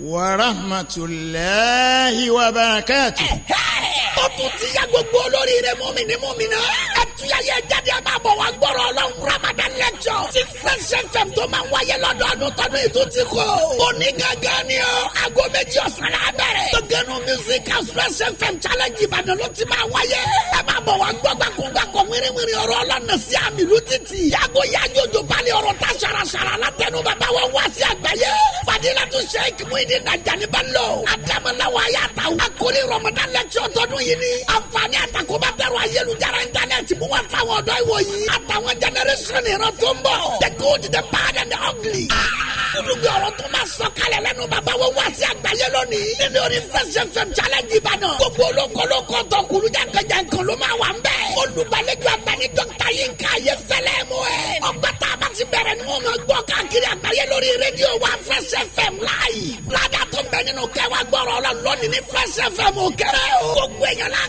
wa rahmatulahi wa barakatu. Eh, eh, eh. ya gbogbo olórí rẹ mọ́mí ni mọ́mí náà. ẹ jáde máa bọ̀ wá gbọ́rọ̀ ọlọ́run ramadan lẹ́jọ́. ti fresh fm tó máa ń wáyé lọ́dọọdún tọdún ètò ti kọ́. ó ní gángan ni ọ aago méjì ọ̀sán la bẹ̀rẹ̀. tókẹ́nu music house fresh fm challenge ìbàdàn ló ti máa wáyé. ẹ máa bọ̀ wá gbọ́ gbàkúngbàkọ̀ wíríwíri ọ̀rọ̀ ọ̀rọ̀ ta di dajaliba lọ. adamalawa y'a ta o. a kori rọmọdà lẹ́kṣọ̀ tọdún yìí ni. àǹfààní àtàkùnbà dẹrù ayélujára íńtánẹ́ẹ̀tì mú wa fáwọn ọ̀dọ́ ìwòyí. àtàwọn jẹnẹrẹsọ̀nì yẹrẹ tó ń bọ̀. the good the bad and the ugly. aa ah! Gbogbo ọ̀rọ̀ tó máa sọ kalẹ̀ lẹ́nu bàbá wo wá sí àgbáyé lónìí. Nínú orí Fresh FM challenge Ìbàdàn. Gbogbo olókolókó tó kuru jankan-jankan ló máa wà ń bẹ̀. Olùgbàlejò àgbà ni Dókítà Yinka ayé fẹ́lẹ́ mú ẹ. Ọgbà tá a bá ti bẹ̀rẹ̀ ni wọ́n máa gbọ́ káàkiri àgbáyé lórí rédíò wa Fresh FM láàyè. Ládàá tó ń bẹ nínú kẹwàá gbọ́rọ̀ ọ̀la lónìí ní Fresh FM òkèrè o. Gbogbo èèyàn la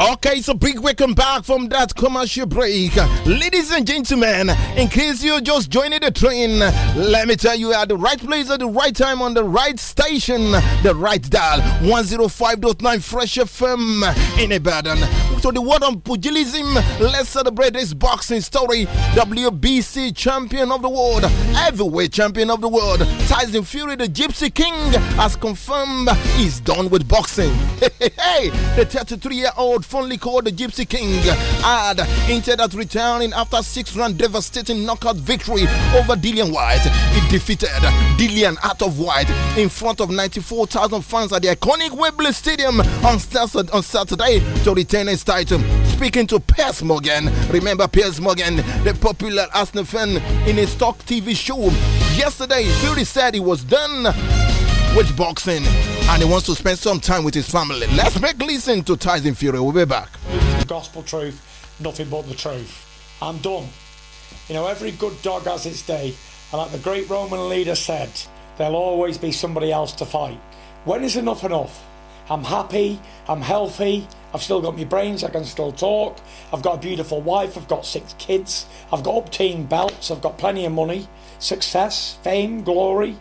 Okay, so big welcome back from that commercial break. Ladies and gentlemen, in case you're just joining the train, let me tell you at the right place at the right time on the right station, the right dial 105.9 Fresh FM in Ibadan. So the word on pugilism, let's celebrate this boxing story. WBC champion of the world, heavyweight champion of the world, Tyson Fury, the Gypsy King, has confirmed he's done with boxing. Hey, the 33 year old fondly called the Gypsy King, had entered at returning after six round devastating knockout victory over Dillian White. He defeated Dillian out of White in front of 94,000 fans at the iconic Wembley Stadium on Saturday to retain his title speaking to Piers Morgan. Remember Piers Morgan, the popular Arsenal fan in his talk TV show. Yesterday, Fury said he was done with boxing and he wants to spend some time with his family. Let's make listen to Tyson Fury. We'll be back. gospel truth, nothing but the truth. I'm done. You know, every good dog has its day, and like the great Roman leader said, there'll always be somebody else to fight. When is enough enough? I'm happy, I'm healthy, I've still got my brains, I can still talk, I've got a beautiful wife, I've got six kids, I've got upteen belts, I've got plenty of money, success, fame, glory.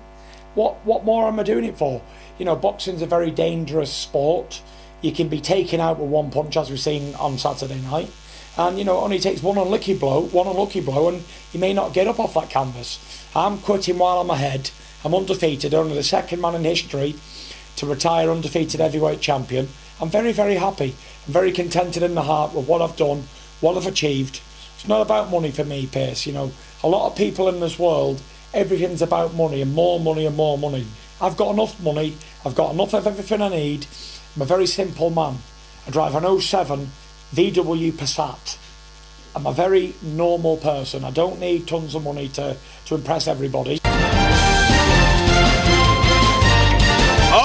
What, what more am I doing it for? you know, boxing's a very dangerous sport. You can be taken out with one punch, as we've seen on Saturday night. And, you know, it only takes one unlucky blow, one unlucky blow, and you may not get up off that canvas. I'm quitting while I'm ahead. I'm undefeated, only the second man in history to retire undefeated heavyweight champion. I'm very, very happy. I'm very contented in the heart with what I've done, what I've achieved. It's not about money for me, Pierce. You know, a lot of people in this world, everything's about money and more money and more money. I've got enough money, I've got enough of everything I need. I'm a very simple man. I drive an 07 VW Passat. I'm a very normal person. I don't need tons of money to, to impress everybody.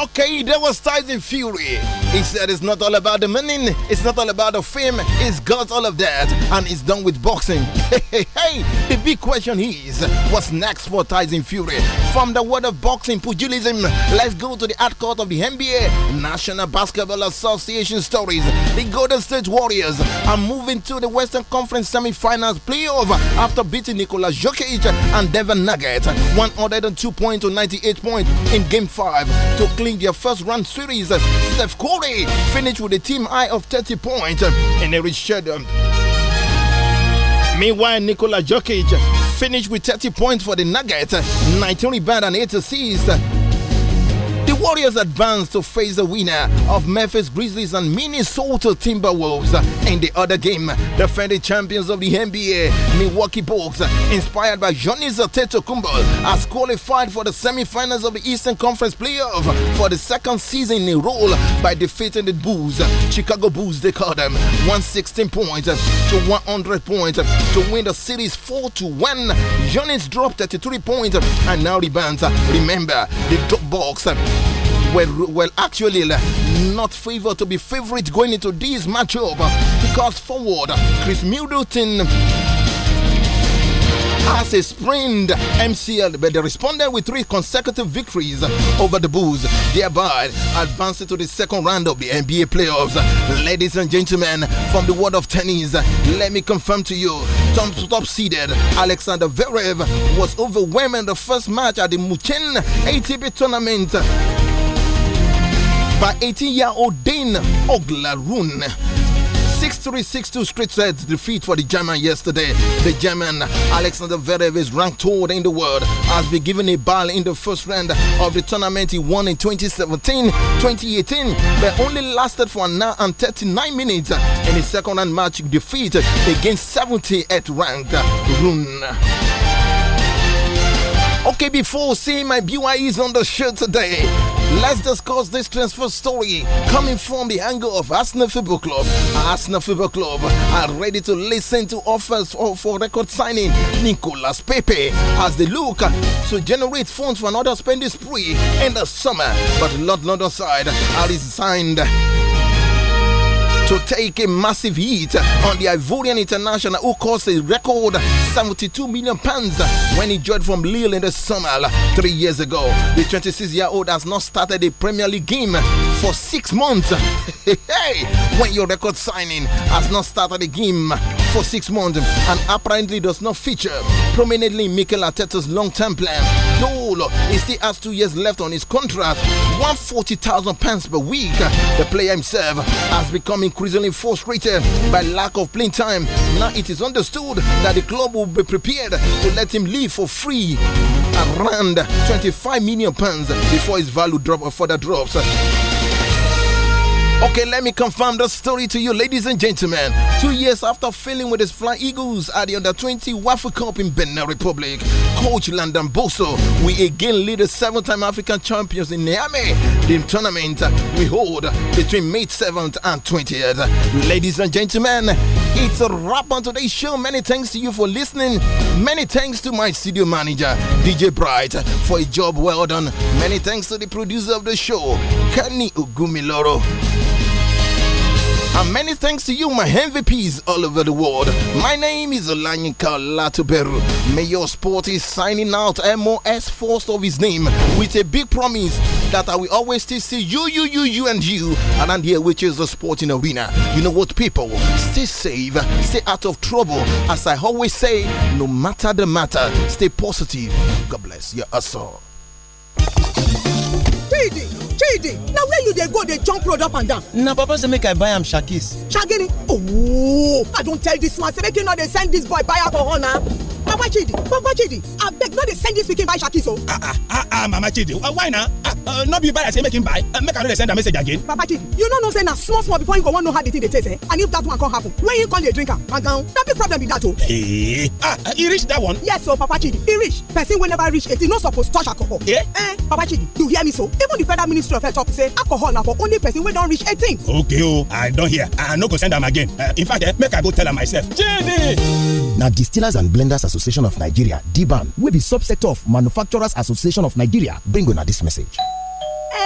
Okay, that was Tyson Fury. He said it's not all about the money, it's not all about the fame, it's got all of that, and it's done with boxing. Hey, hey, hey, the big question is what's next for Tyson Fury? From the world of boxing, pugilism, let's go to the art court of the NBA, National Basketball Association stories. The Golden State Warriors are moving to the Western Conference Semifinals playoff after beating Nikola Jokic and Devon Nugget 102 points to 98 points in Game 5 to tackling their first round series. Uh, Steph Curry finished with a team high of 30 points uh, and Eric Shedham. Um, Meanwhile, Nikola Jokic finished with 30 points for the Nuggets, uh, 19 rebounds and 8 assists. Warriors advance to face the winner of Memphis Grizzlies and Minnesota Timberwolves. In the other game, defending champions of the NBA, Milwaukee Bucks, inspired by Giannis Antetokounmpo, has qualified for the semifinals of the Eastern Conference playoff for the second season in a row by defeating the Bulls. Chicago Bulls, they call them 116 points to 100 points to win the series 4 to 1. Giannis dropped 33 points and now rebounds. Remember, the top box well, well, actually not favored to be favorite going into this matchup because uh, forward Chris Middleton has a sprained MCL, but they responded with three consecutive victories over the Bulls, thereby advancing to the second round of the NBA playoffs. Ladies and gentlemen, from the world of tennis, let me confirm to you, top, top seeded Alexander Verev was overwhelmed in the first match at the Muchen ATP tournament by 18 year old Dane Oglarun. 2 straight sets defeat for the German yesterday. The German Alexander Verev is ranked third in the world, has been given a ball in the first round of the tournament he won in 2017 2018, but only lasted for an hour and 39 minutes in his second round match defeat against 78th ranked Rune. Okay, before seeing my BYEs on the show today, let's discuss this transfer story coming from the angle of Arsenal Football Club. Arsenal Football Club are ready to listen to offers for, for record signing Nicolas Pepe as they look to generate funds for another spending spree in the summer. But not London side are resigned to take a massive hit on the Ivorian international who cost a record 72 million pounds when he joined from Lille in the summer three years ago. The 26-year-old has not started a Premier League game for six months. hey, when your record signing has not started a game for six months and apparently does not feature prominently in Mikel Arteta's long-term plan. Though he still has two years left on his contract, 140,000 pounds per week. The player himself has become increasingly frustrated by lack of playing time. Now it is understood that the club will be prepared to let him leave for free around 25 million pounds before his value drop further drops. Okay, let me confirm the story to you, ladies and gentlemen. Two years after failing with his Fly Eagles at the Under 20 Waffle Cup in Benin Republic, coach Landon Boso will again lead the seven time African champions in Niamey. The tournament we hold between May 7th and 20th. Ladies and gentlemen, it's a wrap on today's show. Many thanks to you for listening. Many thanks to my studio manager, DJ Bright, for a job well done. Many thanks to the producer of the show, Kenny Ugumiloro. And many thanks to you, my MVPs all over the world. My name is Olanyika Latuberu. your Sport is signing out MOS first of his name with a big promise that I will always still see you, you, you, you, and you. And I'm here, which is the sporting arena. You know what, people? Stay safe, stay out of trouble. As I always say, no matter the matter, stay positive. God bless your asshole. dey na where you dey go dey jump road up and down. na papa say make i buy am shakis. shagini oh, i don tell dis man say make he no dey send dis boy buy alcohol na. Mama Chidi, Mama Chidi, I beg no dey send this pikin buy Shaki so. Ah ah ah, ah Mama Chidi, uh, why na? Ah, uh, no be buy I say make him buy, uh, make I no send a message again. Papa Chidi, you no know say na small small before you go want know how the thing they taste eh? And if that one come happen, when you call your drinker, am, gangan, na big problem be that o. Oh. Hey, eh, eh, ah, he reach that one? Yes so oh, Papa Chidi, he reach. Person will never reach eighteen no suppose touch alcohol. Yeah. Eh, Papa Chidi, you hear me so? Even the Federal Ministry of Health talk say alcohol now for only person will don't reach 18. Okay oh, I don't hear. I ah, no go send them again. In fact, eh, make I go tell them myself. Chidi! Now Distillers and Blenders Association association of nigeria dban wey be subsector of manufacturers association of nigeria bring una dis message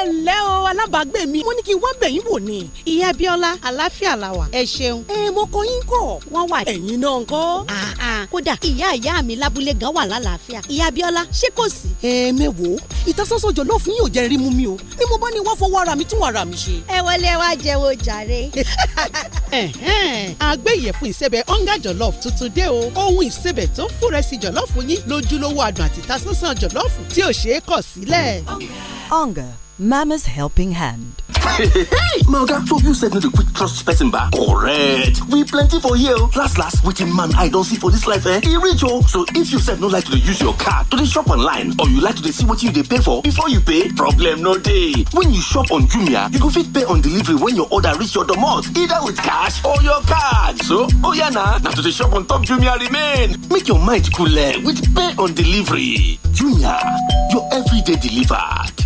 ẹ̀lẹ́ o alábàágbé mi mo ní kí n wá bẹ̀yìn wò ni. ìyá Bíọ́lá àlàáfíà la wà. ẹ ṣeun. ẹ mo kọ yín kọ wọn wà. ẹ̀yin náà ńkọ́. Ah, ah. kódà ìyá ìyá mi lábúlé gan wà lálàáfíà. ìyá Bíọ́lá ṣé kò sí. ẹ mẹ́wòó ìtasọ́sọ́jọ ló fún yín ò jẹ́ rí mi o ni mo bá ní wá fọwọ́ ara mi tún ara mi ṣe. ẹ wọlé wá jẹun jàre. àgbéyẹ̀fun ìsẹ̀bẹ̀ ọ̀ngá jọ̀lọ́f tuntun dé o ohun ìsẹ̀bẹ̀ tó fúnrẹ́sì jọ̀lọ́f yín lójúlówó adùn àti ìtasọ́sọ́ jọ̀lọ́f tí ò ṣeé kọ̀ sílẹ̀. ọ̀ngá Mama's helping hand. Hey, hey, hey. so you said me dey quick trust person ba? Correct. We plenty for here. Oh. Last last, which man I don't see for this life eh, e reach oh. So if you said no like to use your card to dey shop online or you like to see what you they pay for before you pay, problem no day. When you shop on Jumia, you go fit pay on delivery when your order reach your domot, either with cash or your card. So oh yeah, na, Now to the shop on top Jumia remain. Make your mind cool eh, with pay on delivery. Jumia, your everyday delivered.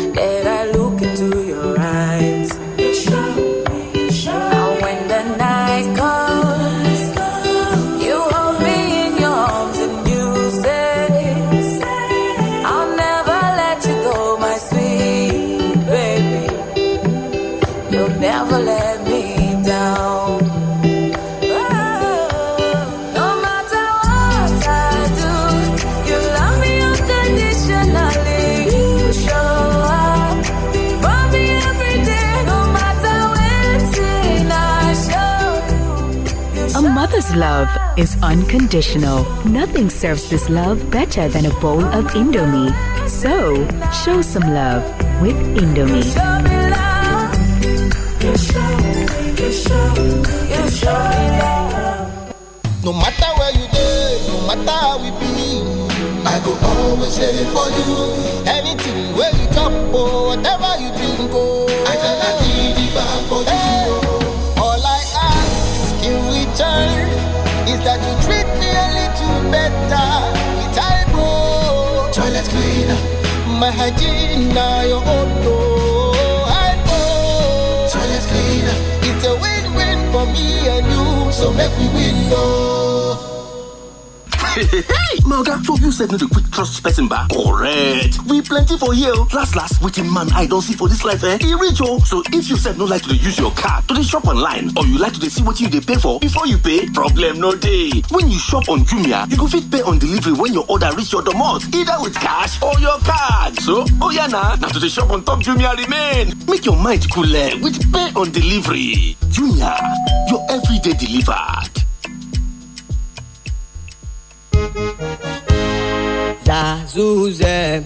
love is unconditional. Nothing serves this love better than a bowl of Indomie. So, show some love with Indomie. No matter where you go, no matter how we be, I go always ready for you. Anything where you come, or whatever you drink, oh. better with Toilet cleaner. My hygiene now your own Albo. Toilet cleaner. It's a win-win for me and you, so make we win, oh. my oga so you said no dey quick trust person ba correct we plenty for here oh. last last which man I don't see for this life eh e reach o oh. so if you said no like to use your card to the shop online or you like to see what you they pay for before you pay problem no day. when you shop on jumia you go fit pay on delivery when your order reach your domot either with cash or your card so oh yeah, na na to the shop on top jumia remain make your mind cool eh, with pay on delivery jumia your everyday delivered. Zazuzem,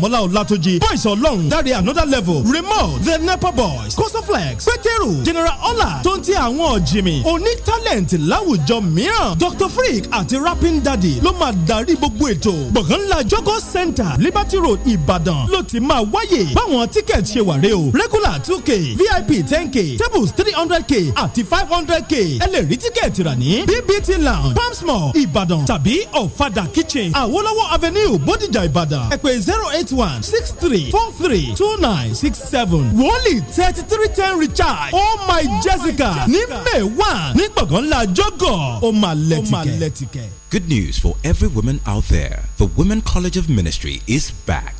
Dàmọ́lá Ọlátúnjí Boys Ọlọ́run Dáre Another Level Remote The Nepa Boys Kosoflex Pétérù General Ọlá tó ń ti àwọn ọ̀jìmì oní tálẹ̀ǹtì láwùjọ mìíràn Dr Freak àti Rapping Daddy ló máa darí gbogbo ètò gbọ̀ngàn ńlá Jogo Center Liberty Road Ìbàdàn ló ti máa wáyè báwọn tíkẹ̀tì ṣe wà rè o regular 2 k VIP 10 k tables 300 k àti 500 k ẹ lè rí rà ní BBT Lounge Palms Mall Ìbàdàn tàbí Ọ̀fadà Kitchen Àwọlọ́wọ́ Avenue Bódìjà Ìbàdàn ẹ pè zero eight eight oh one six three four three two nine six seven wọ́ọ̀lì thirty three ten recharge oh my oh jessica ní may one ní gbọ̀ngàn ńlá jọ́gọ̀ ó máa lẹ́tìkẹ́. Good news for every woman out there. The Women College of Ministry is back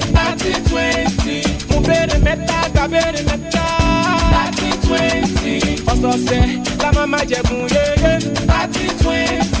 twenty. mo béèrè mẹ́ta gba béèrè mẹ́ta. thirty twenty. ọ̀sọ̀ọ̀sẹ̀ la máa ma jẹ̀bùn yeye. thirty twenty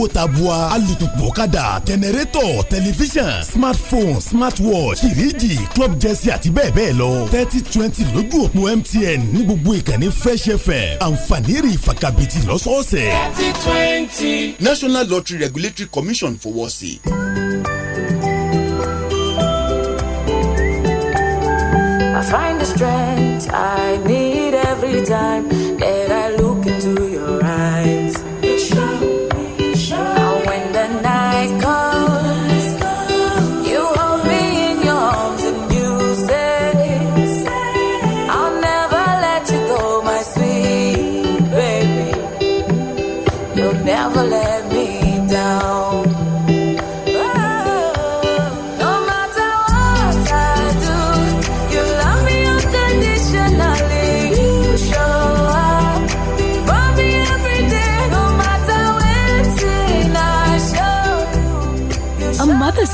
owó tabua alùpùpù ọ̀kadà jẹnẹrétọ̀ tẹlifíṣàn smartphone smartwatch fìríjì club jẹ́sí àti bẹ́ẹ̀ bẹ́ẹ̀ lọ thirty twenty lójú òpó MTN ní gbogbo ìkànnì Fresh FM àǹfààní rí ìfakabìtì lọ́sọ̀ọ̀sẹ̀. thirty twenty. National Lottery Regulatory Commission fọwọ́ sí i. I find the strength I need every time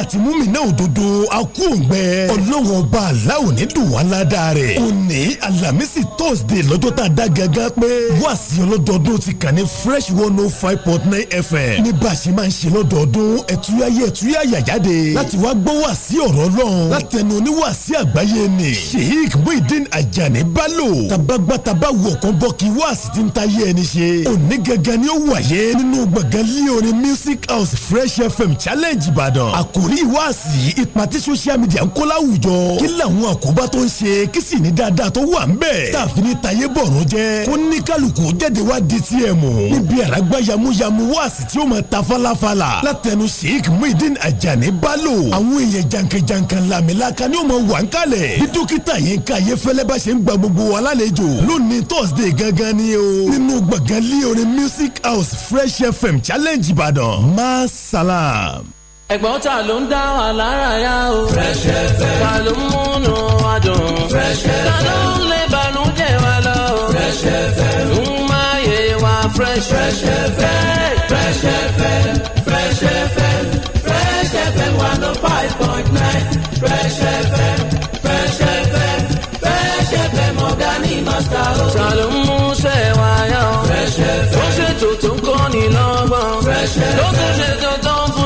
àti múmìnà òdodo akú òǹgbẹ ọlọ́wọ́ ọba aláwọ̀ ní dùwáládà rẹ̀ òní alamisi thursday lọ́jọ́ tá a dá gángan pé wáàsí ọlọ́dọọdún ti kàn ní fresh one oh five point nine fm ní bá a ṣe máa ń ṣe lọ́dọọdún ẹ̀túyáyé ẹ̀túyáyà jáde láti wá gbọ́ wáàsí ọ̀rọ̀ ọlọ́run látẹnu oníwàásí àgbáyé ni sheik muhyiddin ajani bello tabagba tabawo kan bọ́ kí wáàsí ti ń ta yé ẹni ṣe òní gángan ni ó wáyé nínú gbọ̀ngàn leorin music house fresh fm challenge ìbàdàn àkòrí nítorí ìwáàsí ipa tí social media ń kó láwùjọ kí làwọn àkóbá tó ń ṣe kí sì ní dáadáa tó wà ń bẹ̀ tààfin ní tayé bọ̀rún jẹ́ ó ní kálukú jáde wá di tiẹ̀ mọ̀ níbi àràgbá yamuyamu wáàsí tí ó máa ta falafala látẹnu sheik muhyiddin ajani balo àwọn èèyàn jankan-jankan làmìlaka ni ó máa wà ń kalẹ̀ bí dókítà yẹn ká yẹ fẹ́lẹ́ bá ṣe ń gba gbogbo wa lálejò lónìí thursday gangan ni o nínú gbọ̀ngàn lé music house fresh fm challenge ìbàdàn máa sàlám ẹ̀gbọ́n ta ló ń dá wa lára yá o. Fresh FM. ta ló ń múnú wa dùn. Fresh FM. ta ló ń lé bànújẹ́ wa lọ. Fresh FM. ń máa yẹ wa Fresh. Fresh FM. Fresh FM. Fresh FM. Fresh FM one oh five point nine. Fresh FM. Fresh FM. Fresh FM ọ̀gá ni màsà o. ta ló ń mú sẹ́wà yá o. Fresh FM. ó ṣètò tó ń kọ́ni lọ́gbọ̀n. Fresh FM. ló tún ṣètò tó ń fún.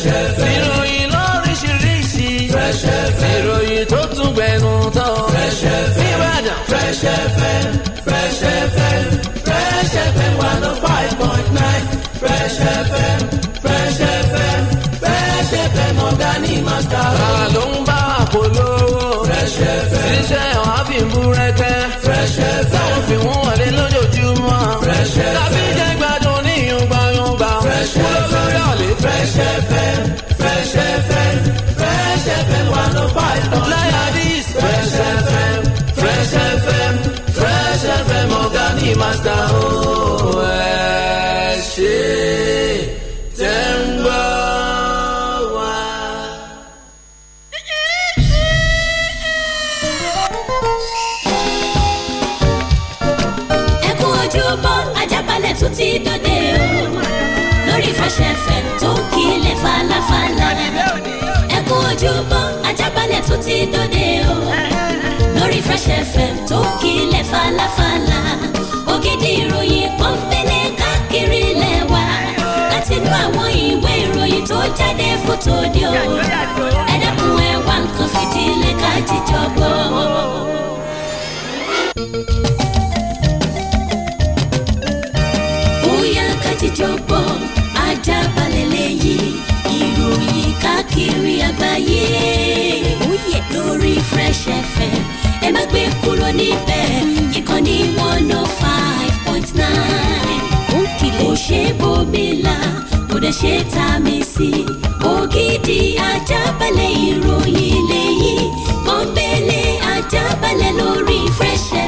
Fresh FM. ìròyìn lóríṣiríṣi. Fresh FM. ìròyìn tó tún gbẹnu tán. Fresh FM. nìbàdàn. Fresh FM. Fresh FM. Fresh FM one oh five point nine. Fresh FM. Fresh FM. Fresh FM ọ̀gá ní màkà. ta ló ń bá àpò lówó. Fresh FM. iṣẹ́ ọ̀hábìnbù rẹ̀ tẹ́. Fresh FM. táwọn fi wọ́n tó falafala ẹ kú ojúmọ́ ajábalẹ̀ tó ti dòde o lórí Fresh FM tó ń falafala ògidì ìròyìn pọ́npẹ́lẹ́ káàkiri lẹ́wà láti inú àwọn ìwé ìròyìn tó jáde fún tòde o ẹ dẹ́kun ẹ wá nǹkan fìdílé ká jíjọ gbọ́. ó káàkiri àgbáyé lórí Fresh FM ẹ má gbé kúrò níbẹ̀ ìkànnì one oh five point nine ó kìlẹ̀ ó ṣe bómi la kò dẹ̀ ṣe tá a mi sí ògidì ajábalẹ̀ ìròyìn lẹ́yìn pọ́npẹ́lẹ́ ajábalẹ̀ lórí Fresh FM.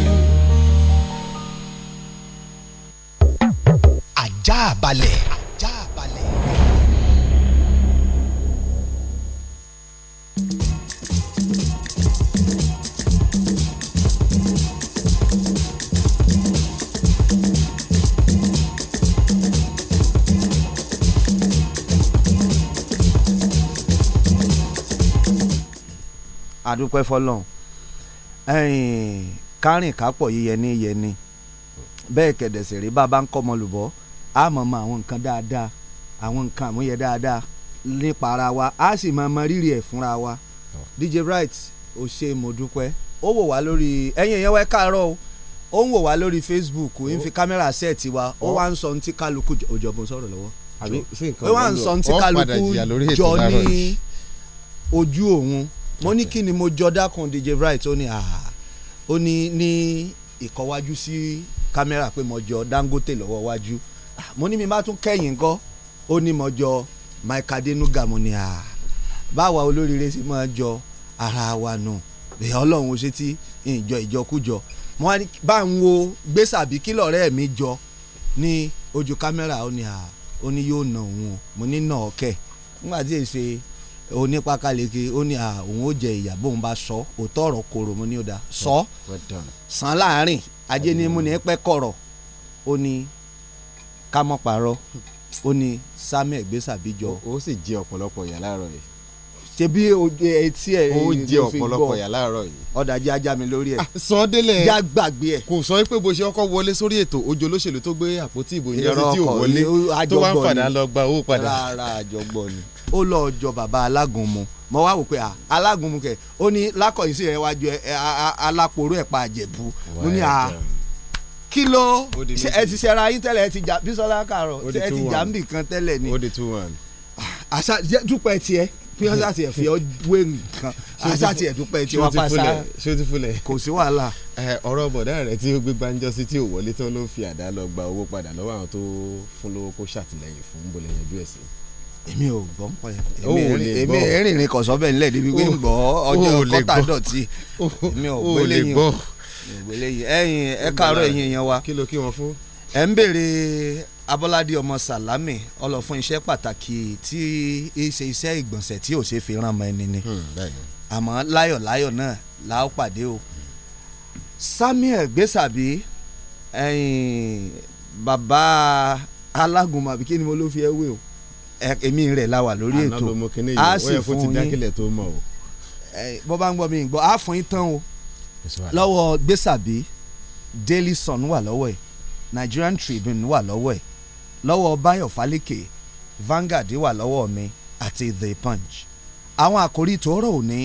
adúpẹ́ fọlọ́n kárìn kápọ̀ yíyẹ ní yẹ ni bẹ́ẹ̀ kẹ̀dẹ̀sẹ̀ rí bàbá ń kọ́ ọmọ lùbọ́ á mọ̀ mọ àwọn nǹkan dáadáa àwọn nǹkan àmúyẹ dáadáa nípa ara wa á sì máa mọ rírì ẹ̀ fúnra wa DJ Bright ó ṣe mo dúpẹ́ ó wò wá lórí ẹ̀yìn ìyẹn wẹ́ káàárọ̀ o ó ń wò wá lórí Facebook ó ń fi kámẹ́rà sẹ́ẹ̀tì wa ó wá ń sọ ohun tí kálukú òjọ̀bùn sọ̀rọ̀ lọ́wọ́ ó wá ń sọ ohun tí kálukú jọ ní ojú òun mo ní kí ni mo jọ dákun DJ Bright ó ní ah, ó ní ní ìkọwájú sí kámẹ́rà pé mo jọ Dangote lọ́wọ́ wájú ah, mo ní mi má tún kẹ́yìn kọ́ ó ní mo jọ Michael Adenuga mo ní ah, báwa olóríire sì máa jọ ara wa nù bẹ́ẹ̀ ọlọ́run ó ṣe tí ìjọ ìjọkújọ mo wá ní bá ń wo gbèsè àbí kílọ̀ rẹ̀ mi jọ ní ojú kámẹ́rà ó ní ó ní yóò nà òun mo ní nà ọ̀kẹ́ nígbà tí èsè onípakaleke ó ní òun ó jẹ ìyà bóun bá sọ òótọ́ ọ̀rọ̀ kòrò mo ní ó da sọ san láàrin ajé ni mo ní pẹ́ kọ̀rọ̀ ó ní kámọ́parọ́ ó ní Samuel gbèsàbíjọ. ó sì jẹ ọ̀pọ̀lọpọ̀ ìyà láàárọ̀ yìí. ṣebí etí ẹ ó jẹ ọ̀pọ̀lọpọ̀ ìyà láàárọ̀ yìí. ọ̀dàjẹ́ ajá mi lórí ẹ̀. Ah, sọ délẹ̀ já gbàgbé ẹ̀. kò sọ pé bó ṣe ọkọ wọlé sórí ètò ojú olóṣèlú tó gbé àpótí ìbò yẹn tí ò wọlé tó wá ń fàdà lọ gba owó padà. rárá àjọgbọ́n ni ó lọ́ọ́ jọ bàbá alágúnmu mo wá wò pé à alágúnmu kẹ̀ ó ní lákọ̀yìn sí ẹ̀ wájú alápòrò ẹ̀pà àjẹ̀bù mo ní à kí ló ẹ ti ṣẹra yín tẹ́lẹ̀ ẹ ti jà bísọ́lá kàrọ̀ ẹ ti jà ń bì kan tẹ́lẹ̀ ni ah, àṣà dúpẹ́ tiẹ̀ fi ọ́ sáà tiẹ̀ fi ọ́ wé nǹkan àṣà tiẹ̀ dúpẹ́ tí wọ́n bá sá kò sí wàhálà. ọ̀rọ̀ bọ̀dá rẹ̀ tí ó gbé gbàǹjọ́ sí tí ò wọlé tán ló fi àdá lọ gba owó padà lọ́wọ́ àwọn tó fún lówó kó ṣàtìlẹ́yìn fún bọ́lẹ̀ yanjú ẹ̀ sí èmi ò gbọ́ ń pa ẹ̀ èmi ẹ̀rìnrìn kò sọ bẹ́ẹ̀ nílẹ̀ débi pé ń gbọ́ ọjọ́ kọ́tà dọ̀tí èmi ò gbélé yín ò gbélé yín ẹ̀yin ẹ káàárọ̀ ẹ̀yin èèyàn wa kí ló kí wọn fún. ẹ ń béèrè Abọ́ládé ọmọ Sàlámì ọlọ́fún iṣẹ́ pàtàkì tí í ṣe iṣẹ́ ìgbọ̀nsẹ̀ tí ò ṣe fi ràn mọ́ ẹni hmm, ni àmọ́ láyọ̀ láyọ̀ náà la ó pàdé o Samuel Gbèsàbí ẹ̀yin bàbá alágùnmọ̀ àbí kí ni mo ló fi ẹ́ wé o èmi rẹ̀ la wà lórí ètò a sì fún yín bó bá ń gbọ́ mi gbọ́ a fún yín tán o lọ́wọ́ gbèsàbí Daily Sun wà lọ́wọ́ ẹ̀ Nigerian Tribune wà lọ́wọ́ ẹ̀ lọ́wọ́ Báyọ̀ Fálékè Vanguard wà lọ́wọ́ mi àti The Punch àwọn àkòrí tòórọ òní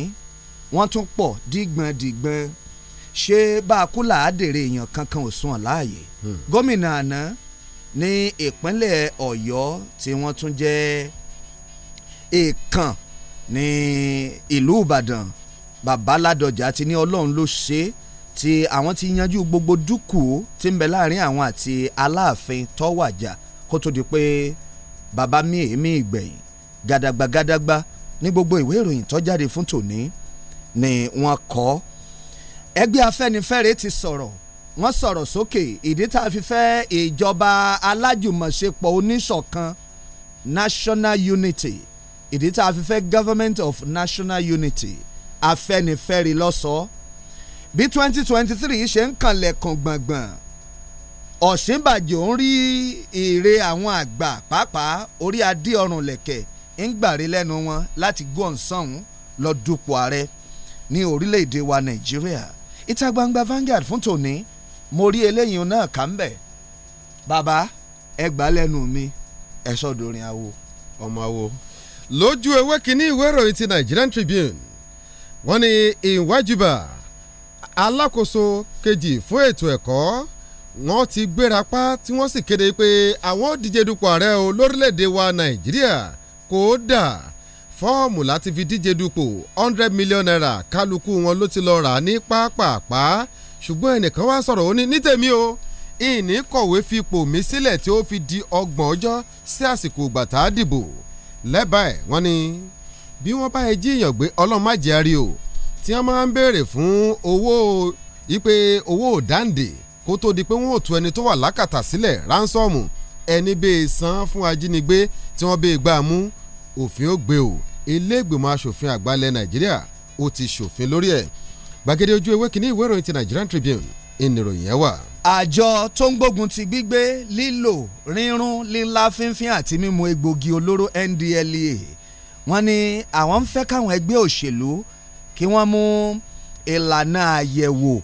wọ́n tún pọ̀ dígbọn dígbọn ṣé bá a kú làádèrè èèyàn kankan ò sùn ọ láàyè hmm. gómìnà àná ní ìpínlẹ̀ ọ̀yọ́ tí wọ́n tún jẹ́ èèkàn ní ìlú ìbàdàn babaládọjà ti ní ọlọ́run ló ṣe tí àwọn ti yanjú gbogbo dúkù tí ń bẹ láàrin àwọn àti aláàfin tọ́wàjà kó tó di pé bàbá mi èémí ìgbẹ̀yìn gàdàgbà gàdàgbà ní gbogbo ìwé ìròyìn tó jáde fún tòní ni wọ́n kọ ẹgbẹ́ afẹ́nifẹ́re ti sọ̀rọ̀ wọ́n sọ̀rọ̀ sókè ìdí tá a fi fẹ́ ìjọba alájùmọ̀ṣepọ̀ oníṣọ̀kan national unity ìdí tá a fi fẹ́ government of national unity afẹ́nifẹ́re lọ́sọ̀ọ́ bí twenty twenty three ṣe ń kanlẹ̀ kan gbọ̀ngbọ̀n ọ̀sìnbàjò ń rí èrè àwọn àgbà pàápàá orí adé ọrùn lẹ̀kẹ̀ ń gbàre lẹ́nu wọn láti gún ọ̀sán lọ dupò ààrẹ ní orílẹ̀-èdè wa nàìjíríà ìta gbangba Vanguard fún tòní mo rí eléyìí náà kà ń bẹ̀ bàbá ẹ lẹ́nu mi ẹ sọ́dọ̀rin awo. ọmọ awo lójú ewé kínní ìwé ìròyìn ti Nigerian Tribune wọ́n ní ìwájúbà alákòóso kejì fún ètò ẹ̀kọ́ wọ́n ti gbéra pa tí wọ́n sì kéde pé àwọn díje dupò ààrẹ o lórílẹ̀‐èdè wa Nàìjíríà kódà fọ́ọ̀mù láti fi díje dupò hundred million naira kálukú wọn ló ti lọ rà ní pápápá. Pa, pa, pa ṣùgbọ́n ẹnìkan wá sọ̀rọ̀ ó ní ní tèmi o ìní kọ̀wé fipò mí sílẹ̀ tí ó fi di ọgbọ̀n ọjọ́ sí àsìkò gbàtà dìbò lẹ́bàá ẹ̀ wọ́n ní bí wọ́n bá ẹjí èèyàn gbé ọlọ́màjẹ́ àrí o tí wọ́n máa ń béèrè fún owó ipe owó òdáǹdè kó tó di pé wọ́n ò tú ẹni tó wà lákàtà sílẹ̀ ránsọ́ọ̀mù ẹni bẹ́ẹ̀ san fún ajínigbé tí wọ́n bẹ́ẹ̀ gbà mú òfin ó gbé o ilé asòfin àgbà Nàìjíríà ó ti ṣòfin lórí ẹ̀ gbàgede ojú ewé kìíní ìwé ìròyìn ti Nigerian Tribune ìnìròyìn ẹ̀ wà. àjọ tó ń gbógun ti gbígbé lílò rírun lílá fínfín àti mímu egbògi olóró NDLEA wọ́n ní àwọn ń fẹ́ káwọn ẹgbẹ́ òṣèlú kí wọ́n mú ìlànà àyẹ̀wò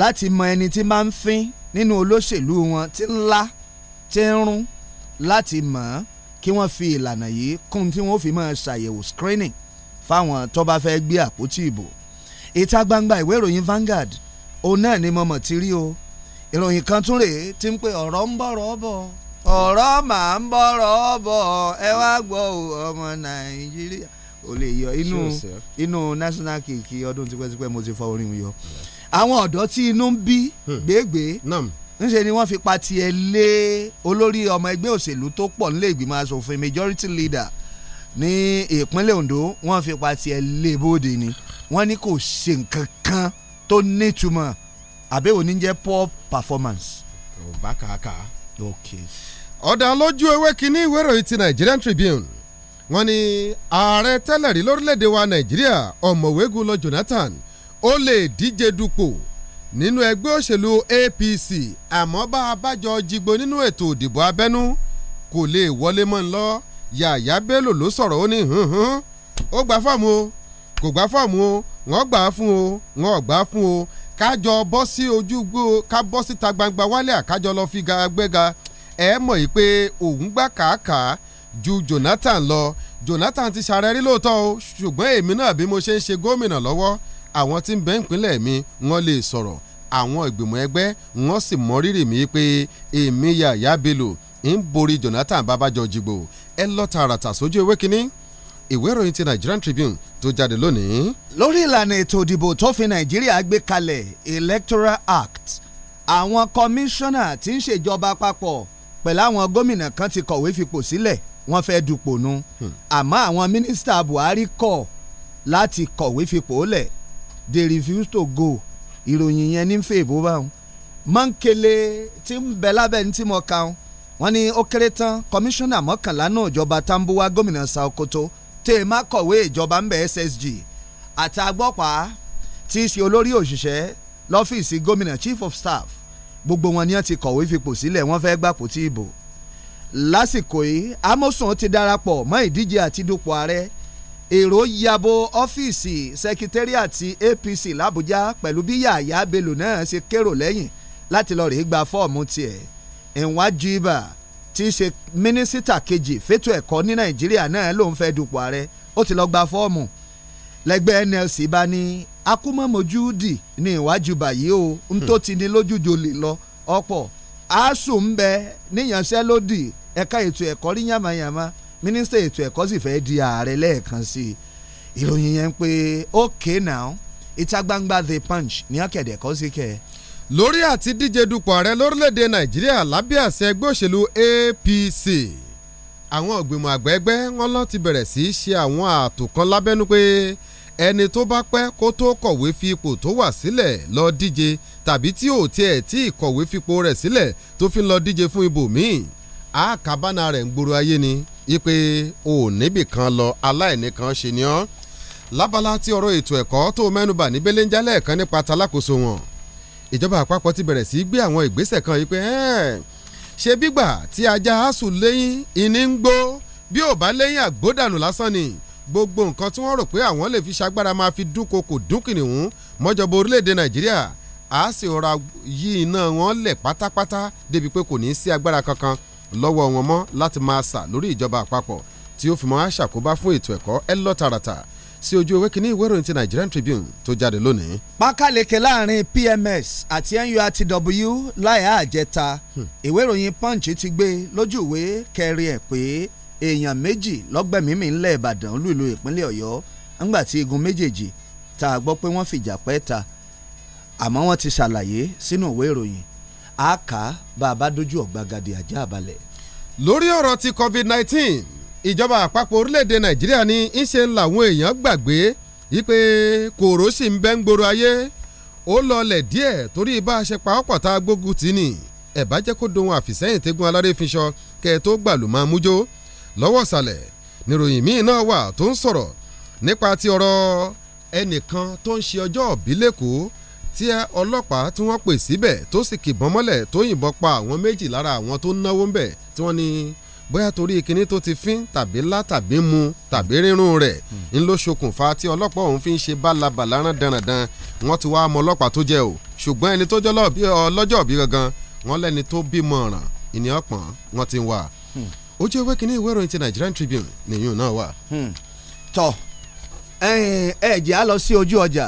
láti mọ ẹni tí máa ń fín nínú olóṣèlú wọn tí ń lá tí ń rún láti mọ̀ ọ́ kí wọ́n fi ìlànà yìí kún tí wọ́n fi máa ṣàyẹ̀wò screening fáwọn tó bá fẹ́ gbé àpótí ìbò ìta gbangba ìwé ìròyìn Vanguard òun náà ni mo mọ̀ ti rí o ìròyìn kan tún rèé tí ń pè ọ̀rọ̀ ń bọ̀rọ̀ bọ̀ ọ̀rọ̀ màá ń bọ̀rọ̀ bọ̀ ẹ wá gbọ́ ọmọ Nàìjíríà ò lè yọ inú inú national kìkì ọdún tipẹ́tipẹ́ mo ti fọ orin yọ àwọn ọ̀dọ́ tí inú ń bí hmm. gbégbé ńṣe ni wọ́n fi pa tiẹ̀ lé olórí ọmọ ẹgbẹ́ òṣèlú tó pọ̀ nílé ìgbìmọ̀ asòfin majority leader ní ìpínlẹ̀ Ondo wọ́n fi pa tiẹ̀ lé bóde ni wọ́n ní kò ṣe nǹkan kan tó nítumọ̀ àbẹ̀wò ní jẹ́ poor performance. ò bá kàákà. okay. ọ̀dà lójú ewé kínní ìwé ìròyìn ti Nigerian Tribune wọ́n ní ààrẹ tẹ́lẹ̀ rí lórílẹ̀‐èdè wa Nàìjíríà ọ̀mọ̀wé Goodluck Jonathan ó lè díje dupò nínú ẹgbẹ́ òṣèlú APC àmọ́ bá a bájọ jigbo nínú ètò òdìbò abẹ́nú kò lè wọlé mọ́ ń lọ Yàyà Bello ló sọ̀rọ̀ ó ní ó gba fọ́ọ̀mù o kò gbá fọ́ọ̀mù o wọ́n gbà á fún o wọ́n gbà á fún o kájọ bọ́ sí ojú gbó ká bọ́ síta gbangba wálé àkájọ lọ fi gbẹ́ga ẹ mọ̀ yìí pé òun gbà kàákàá ju Jonathan lọ Jonathan ti ṣàrẹ́rí lóòótọ́ o ṣùgbọ́n èmi náà bí mo ṣe ń ṣe gómìnà lọ́wọ́ àwọn tí ń bẹ ìpínlẹ̀ mi wọ́n lè sọ̀rọ̀ àwọn ìgbìmọ̀ ẹgbẹ́ wọ́n sì mọrírì mi pé èmi Yahaya Bello ń borí Jonathan babajọ jìgbò ẹ lọ tààràtà sójú ewé kínní ìwé ìròyìn ti Nigerian Tribune tó jáde lónìí. lórí ìlànà ètò ìdìbò tó fi Nàìjíríà gbé kalẹ̀ Electoral Act àwọn kọmíṣánná tí ń ṣèjọba papọ̀ pẹ̀lú àwọn gómìnà kan ti kọ̀wé fipò sílẹ̀ wọ́n fẹ́ dupò nu hmm. àmọ́ àwọn mínísítà Buhari kọ̀ láti kọ̀wé fipò lẹ̀ they refuse to go ìròyìn yẹn ní fèèbó báwọn mọ́ńkele tí ń bẹ lábẹ́ ní tí mo ka wọn ni ó kéré tán kọmíṣánná mọ́kànlá náà ìjọba Tambuwa gómìnà Sàkótó tèèmá kọ̀wé ìjọba ń bẹ̀ SSG àti agbọ́pàá tí í ṣe olórí òṣìṣẹ́ lọ́fíìsì gómìnà chief of staff gbogbo wọn ni wọ́n ti kọ̀wé fipò sílẹ̀ wọ́n fẹ́ gbàpò tí ìbò lásìkò yìí Amosun ti darapọ̀ mọ́ ìdíje àti dupò ààrẹ èrò yabo ọ́fíìsì secretariat APC làbújá pẹ̀lú bí Yàyà Bello náà ṣe kérò lẹ́yìn láti lọ rèé gba fọ́ọ̀mù tiẹ̀ ẹ̀wá jíbà tí í ṣe mínísítà kejì fétò ẹ̀kọ́ ní nàìjíríà náà lòun fẹ́ dupò ààrẹ ó ti lọ́ọ́ gba fọ́ọ̀mù lẹ́gbẹ́ NLC bá ní akúmọ̀mọ́jú dì ní ìwájú báyìí o n tó ti ní lójújo lè lọ ọ̀pọ̀ asuu ń bẹ níyànṣẹ́lódì ẹ̀ka ètò ẹ̀kọ́ rí yàmàyàmà mínísítà ètò ẹ̀kọ́ sì fẹ́ di ààrẹ lẹ́ẹ̀kan sí i ìròyìn yẹn pé okay now ìta gbangba the punch ní ọ̀kẹ́dẹ̀kọ́ sí kẹ́ lórí àti díje dupò ààrẹ lórílẹ̀‐èdè nàìjíríà lábẹ́ àṣẹ ẹgbẹ́ òṣèlú APC àwọn ìgbìmọ̀ àgbà ẹgbẹ́ wọn lọ́n ti bẹ̀rẹ̀ sí í ṣe àwọn ààtò kan lábẹ́nú pé ẹni tó bá pẹ́ kó tó kọ̀wé fi ipò tó wà sílẹ̀ lọ díje tàbí tí ò tiẹ̀ tí ìkọ̀wé fipò rẹ̀ sílẹ̀ tó fi lọ díje fún ibò míì àkàbánà rẹ̀ ń gbòòrò ayé ni ipe ò níbì kan lọ aláìní kan ṣe ni ọ́ lábala tí ọ̀rọ̀ ètò ẹ̀kọ́ tó mẹ́nubà níbélé ń jálẹ̀ kan nípa talákòóso wọn ìjọba àpapọ̀ ti bẹ̀rẹ̀ sí gbé àwọn ìgbésẹ̀ kan yìí pé ṣe bígbà tí ajá asùn lẹ́yìn ìní ń gbó bí ò bá lẹ́yìn àgbódànù lásán ni gbogbo nǹkan tí wọ́n rò pé àwọn lè fi ṣagbára máa fi dúnkokò dúnkìnìún mọ́jọba orílẹ̀-èdè nàìjíríà a sì rọra yí iná wọn lẹ̀ pátápátá débi pé kò ní í sí agbára kankan lọ́wọ́ wọn mọ́ láti máa sà lórí ìjọba àpapọ̀ tí ó fi mọ́ àṣàkóbá fún ètò ẹ̀kọ́ ẹ lọ sí ojú ewé kínní ìwé ìròyìn ti Nigerian Tribune tó jáde lónìí. pákáleke láàrin PMS àti NURTW láyà àjẹta hmm. ìwé ìròyìn Punch ti gbé lójú ìwé kẹrin ẹ̀ pé èèyàn méjì lọ́gbẹ̀mímì ńlẹ̀ Ìbàdàn olú ìlú ìpínlẹ̀ Ọ̀yọ́ ńgbà tí igun méjèèjì tá gbọ́ pé wọ́n fìjà pẹ́ ta àmọ́ wọ́n ti ṣàlàyé sínú ìwé ìròyìn àáká bá a bá dójú ọ̀gbagadè àjá àbalẹ̀. lórí ọ̀rọ̀ ti COVID-19 ìjọba àpapọ̀ orílẹ̀-èdè nàìjíríà ní ìṣe làwọn èèyàn gbàgbé wípé kòró sì ń bẹ́ ń gbòòrò ayé ó lọlẹ̀ díẹ̀ torí bá a ṣe pa ọ́pọ̀ tá a gbógun tì ní ẹ̀ bá jẹ́ kó dohun àfìsẹ́yìn tẹ́gun aláré fi sọ kẹ́ ẹ tó gbàlù máa mújó lọ́wọ́ ìsàlẹ̀ níròyìn míì náà wà tó ń sọ̀rọ̀ nípa ti ọ̀rọ̀ ẹnìkan tó ń ṣe ọjọ́ òbí lẹ́kọ̀ọ́ tí ọlọ́pàá tí wọ́n pè síbẹ̀ tó sì kìbọn mọ́lẹ̀ tó yìnbọn pa àwọn méjì lára àwọn tó ń náwó ń bẹ̀ tí wọ́n ní bóyá torí kinní tó ti fín tàbí lá tàbí mu tàbí rírun rẹ̀ ń hmm. ló ṣokùnfà tí ọlọ́pàá òun fi ń ṣe bálabàlá rán dandan wọ́n ti wá ọmọ ọlọ́pàá tó jẹ́ o ṣùgbọ́n ẹni tó jẹ́ ọlọ́jọ́ òbí gangan wọ́n lẹ́ni tó bímọ ọ̀ràn ìníyàn pọ̀n wọ́n ti wà. ojú hmm. ewé kínní ìwé ìròyìn ti Nigerian Tribune nìyún náà wà. Hmm. tọ ẹ̀jẹ̀ á lọ sí ojú ọjà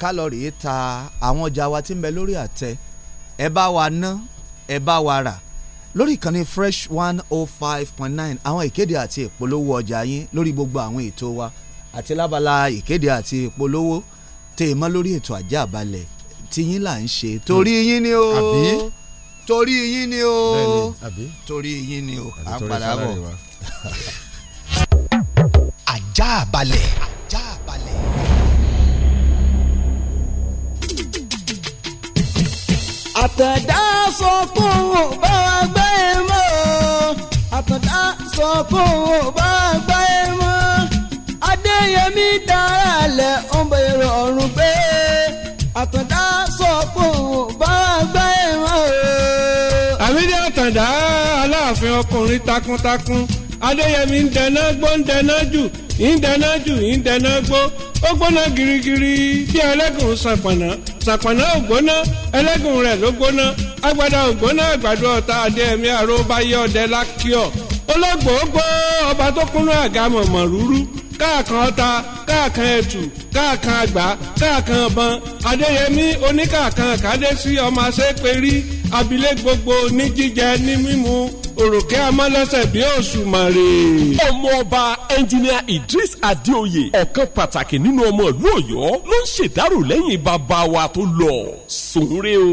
ká lọ rèé ta àwọn ọjà wa tí ń bẹ lórí àtẹ ẹ bá wa ná ẹ bá wa rà lórí ìkànnì fresh one oh five point nine àwọn ìkéde àti ìpolówó ọjà yín lórí gbogbo àwọn ètò wa àti lábala ìkéde àti ìpolówó tè mọ́ lórí ètò àjẹ́ àbálẹ̀ tiyín là ń ṣe torí hmm. yín ni o torí yín ni o torí yín ni o à ń padà bọ̀. àjẹ́ àbálẹ̀. àjẹ́ àbálẹ̀. àtẹ̀dá sọ fún bá a àtúndá sọ̀kò bá gbá ẹ mọ́ adéyẹmí dára lẹ̀ ń bèrè ọ̀run pé àtúndá sọ̀kò bá gbá ẹ mọ́. àmì ní àtàndá aláàfin ọkùnrin takuntakun. adéyẹmí ń dáná gbó ń dáná jù ń dáná jù ń dáná gbó ó gbóná girigiri bí ẹlẹ́gùn sàpànà sàpànà ò gbóná ẹlẹ́gùn rẹ̀ ló gbóná agbada ò gbóná àgbàdo ọ̀tá adéyẹmí àrò bá yé ọdẹ lákìọ́ ológbòógbò ọba tó kúnú àga mọ̀mọ̀ rúrú káàkan ọta káàkan ẹtù káàkan àgbà káàkan ọbọn adéyẹmí oníkàkan kàdésí ọmọ aṣẹ́pẹ̀rí abilé gbogbo ní jíjẹ ní mímu òròkè amọ́lẹ́sẹ̀ bí òṣùmàrè. ọmọ ọba ẹnjìníà Idris Adéoyè ọ̀kan pàtàkì nínú ọmọ ìlú Ọ̀yọ́ ló ń ṣèdárò lẹ́yìn bàbá wa tó lọ sùn re o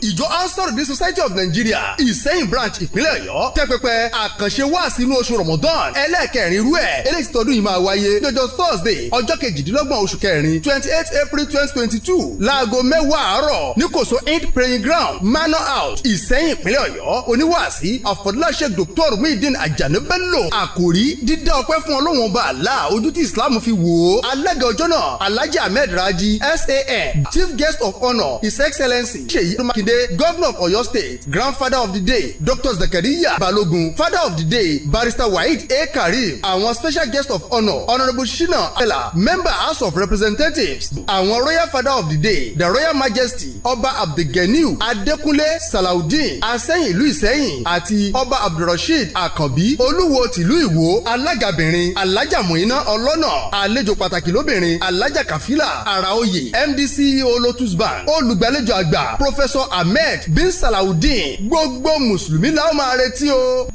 ìjọ ansar the society of nigeria ìsẹ́yìn branch ìpínlẹ̀ ọ̀yọ́ tẹ́pẹ́pẹ́ àkànṣe wáàsí inú oṣù ramadan ẹlẹ́ẹ̀kẹrin irú ẹ̀ eléyìí ti tọdún yìí máa wáyé lọ́jọ́ thursday ọjọ́ kejìdínlọ́gbọ̀n oṣù kẹrin twenty eight april twenty twenty two láago mẹ́wàá àárọ̀ ní kòsó eight praying ground manor house ìsẹ́yìn ìpínlẹ̀ ọ̀yọ́ oníwàásí àfọ̀dúnláṣẹ́ dr muhyiddin ajani bello àkòrí dídá ọpẹ́ fún ọlọ́run ọba la ojú tí islam fi wò ó alága ọjọ́ náà alhaji ahmed raji san chief guest of honour his excellency ṣèyí mákindé Babátúndé governor of Oyo State grandfather of the day Dr. Zakariya Balogun father of the day Barrister Waheed A. Karim àwọn special guest of honour honourable Shina Abela member House of Representatives àwọn royal father of the day the royal majesty ọba Abdulganiu Adekunle Salaudeen Asẹ́yìn ìlú Ìsẹ́yìn àti ọba Abdulrasheed Àkànbí olúwo tìlú Ìwó alágàbìnrin alájà Mùíná ọlọ́nà àlejò pàtàkì lóbìnrin alájà Kàfílà àràoyè MD CEO Lotus Bank olùgbàlejò àgbà Professor ahmed bin salawudeen gbogbo mùsùlùmí la ó máa retí o.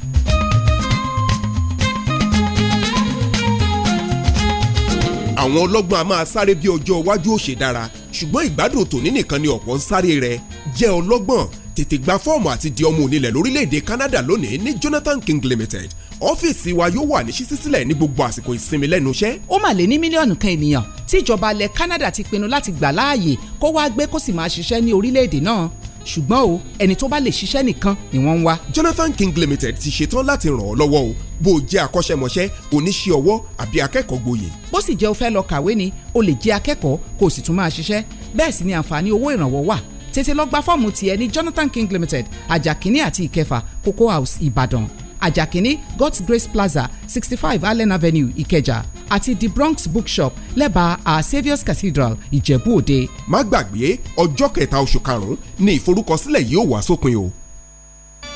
àwọn ọlọ́gbọ́n a máa sáré bí ọjọ́ iwájú ó ṣe dára ṣùgbọ́n ìgbádùn tòní nìkan ni ọ̀pọ̀ ń sáré rẹ̀ jẹ́ ọlọ́gbọ́n tètè gba fọ́ọ̀mù àti di ọmọ onílẹ̀ lórílẹ̀‐èdè Canada lónìí ní Jonathan King Limited ọ́fíìsì wa yóò wà ní ṣíṣí sílẹ̀ ní gbogbo àsìkò ìsinmi lẹ́nu iṣẹ́. ó mà lé ní mílíọ̀nù kan ènìyàn tí ìjọba ilẹ̀ Canada ti pinnu láti gbà láàyè kó wáá gbé kó sì máa ṣiṣẹ́ ní orílẹ̀‐èdè náà ṣùgbọ́n o ẹni tó bá lè ṣiṣẹ́ nìkan ni wọ́n ń wá. Jonathan King Limited ti ṣetán láti ràn ọ́ lọ́wọ́ o bó o jẹ́ akọ́ṣẹ́mọṣẹ́ oníṣẹ́ ọwọ́ àbí akẹ́kọ̀ọ́ gboyè. bó sì jẹ́ o fẹ́ lọ kàwé ni o lè jẹ́ akẹ́kọ̀ọ́ kó o sì tún máa ṣiṣẹ́ bẹ́ẹ̀ sì ni àǹfààní owó ìrànwọ́ wà tètè lọ gba fọ́ọ̀mù tiẹ̀ ní Jonathan King Limited ajakini àti ìkẹfà Cocoa House Ìbàdàn ajakini god's grace plaza sixty five allen avenue ìkẹjà àti the bronx bookshop lẹ́bàá our saviour's cathedral ìjẹ̀bú òde. má gbàgbé ọjọ́ kẹta oṣù karùn-ún ni ìforúkọsílẹ̀ yìí ó sópin o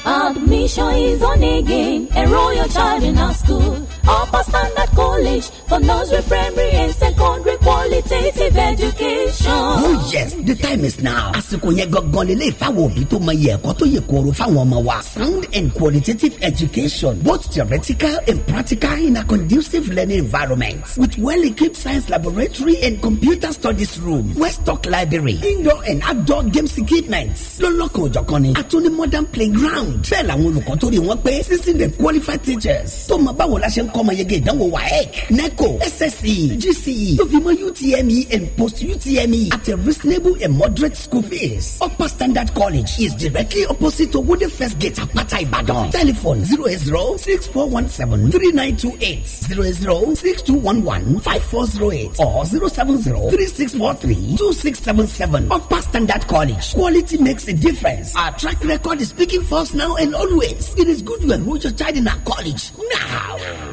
Admission is on again. a your child in our school. Upper Standard College for nursery, primary, and secondary qualitative education. Oh yes, the time is now. Àsìkò yẹn gangan lélẹ̀ ìfáwọ̀ òbí tó mọ iye ẹ̀kọ́ yẹ kóró Fawo ọmọ wa. Sound and qualitative education, both theoretical and practical in a conducive learning environment with well-equipped science laboratory and computer studies room, Westock library, indoor and outdoor games equipment. Lọ́lọ́kan òjọ̀kan ni, àtúní modern playground round. bẹ́ẹ̀ làwọn olùkọ́ tó rí wọn pé sixteen de qualified teachers tó mọ báwo la ṣe ń kọ́ ọmọ yege ìdánwò waec neco sse gce tó fi mọ utme and post utme at a reasonable and moderate school fees. upper standard college is directly opposite to wode first gate apata ibadan. telephone zero eight zero six four one seven three nine two eight zero eight zero six two one one five four zero eight or zero seven zero three six four three two six seven seven. upper standard college quality makes a difference. our track record is speaking for us now and always. It is good you enroll your child in a college now.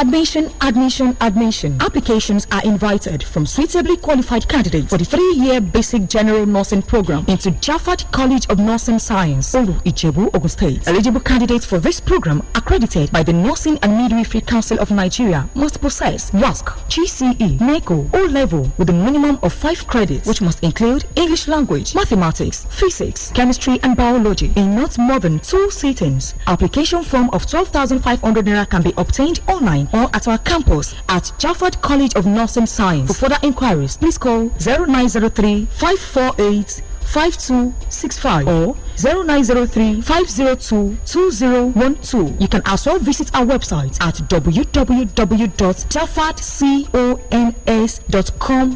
Admission, admission, admission. Applications are invited from suitably qualified candidates for the three-year basic general nursing program into Jaffat College of Nursing Science, Oru ichebu Ogun State. Eligible candidates for this program accredited by the Nursing and Midwifery Council of Nigeria must possess WASC, GCE, NECO, O level with a minimum of five credits, which must include English language, mathematics, physics, chemistry, and biology in not more than two sittings. Application form of 12,500 naira can be obtained online or at our campus at Jafford College of Nursing Science. For further inquiries, please call 0903 548 5265 or 0903 502 2012. You can also visit our website at www.jaffardcons.com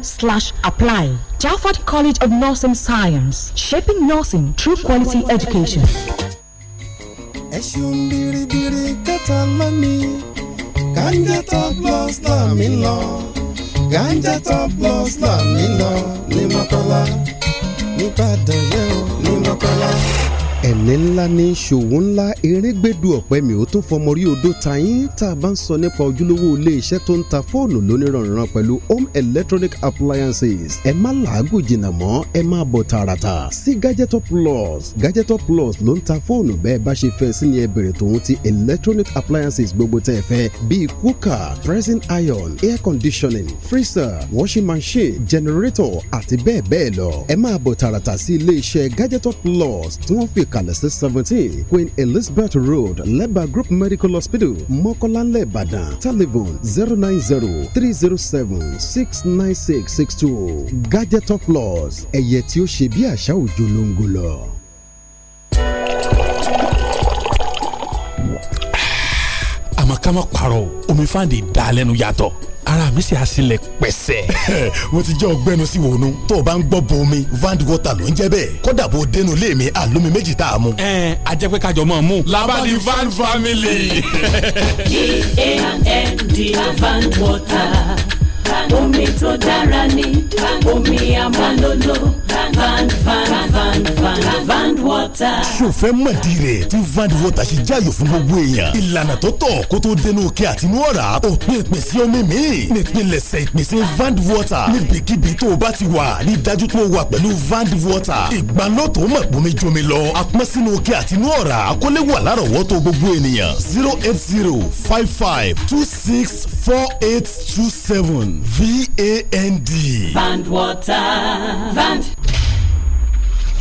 slash apply. Jafford College of Nursing Science, shaping nursing through quality education. ganja top loss là mí lọ ganja top loss là mí lọ ni mọ́kànlá nígbàdàn yẹn ní mọ́kànlá ẹni ńlá ní ṣòwò ńlá erégbèdú ọ̀pẹ mi ò tún fọmọ rí odò tayín tá a bá ń sọ nípa ojúlówó ilé tó ń ta fóònù lóníranran pẹ̀lú home electronic appliances ẹ má làágùn jìnnà mọ́ ẹ má bọ̀ tààràtà sí gadgetor plus gadgetor plus ló ń ta fóònù bẹ́ẹ̀ bá ṣe fẹ́ sí ni ẹ bèrè tòun ti electronic appliances gbogbo tẹ́ ẹ fẹ́ bíi cooker pressing iron air conditioning freezer washing machine generator àti bẹ́ẹ̀ bẹ́ẹ̀ lọ ẹ má bọ̀ tààràtà sí ilé gadgetor plus tí wọ́n fi kalẹ̀ seventeen Queen Elizabeth Road Leba Group Medical Hospital Mọ́kọ́lánlẹ̀ Ìbàdàn telephone zero nine zero three zero seven six nine six six two Gadget of Laws ẹ̀yẹ tí ó ṣe bí àṣà òjò ló ń gò lọ. Kama má parọ́ o omi fáǹdì ìdálẹ́nu yàtọ̀ ara mi sì á sílẹ̀ mo ti jẹ́ ọgbẹ́nu sí wònú. tó o bá ń gbọ́ bo omi vand water ló ń jẹ́ bẹ́ẹ̀. kódà bó o dénú ilé mi àlómi méjì tá a mú. ẹ a jẹ́ pé kájọ máa mú. labadi van family. v-a-n-d van water omi tó dára ní omi amalolo van van water. sòfẹ́ mọ̀dí rẹ̀ tí van de water ṣe jáyò fún gbogbo èèyàn. ìlànà tó tọ́ kó tó dénú òkè àti inú ọ̀rá ò pé ìpèsè omi mi. nípìnlẹ̀sẹ̀ ìpèsè van water níbikíbi tó o bá ti wà ní dájú tó o wà pẹ̀lú van water. ìgbàlótò mọ̀ bomi jomi lọ apọ́n sínú òkè àti ọ̀rá akọ́lé wà lárọ̀wọ́tò gbogbo ènìyàn zero eight zero five five two six four eight two seven v a n d. van water van.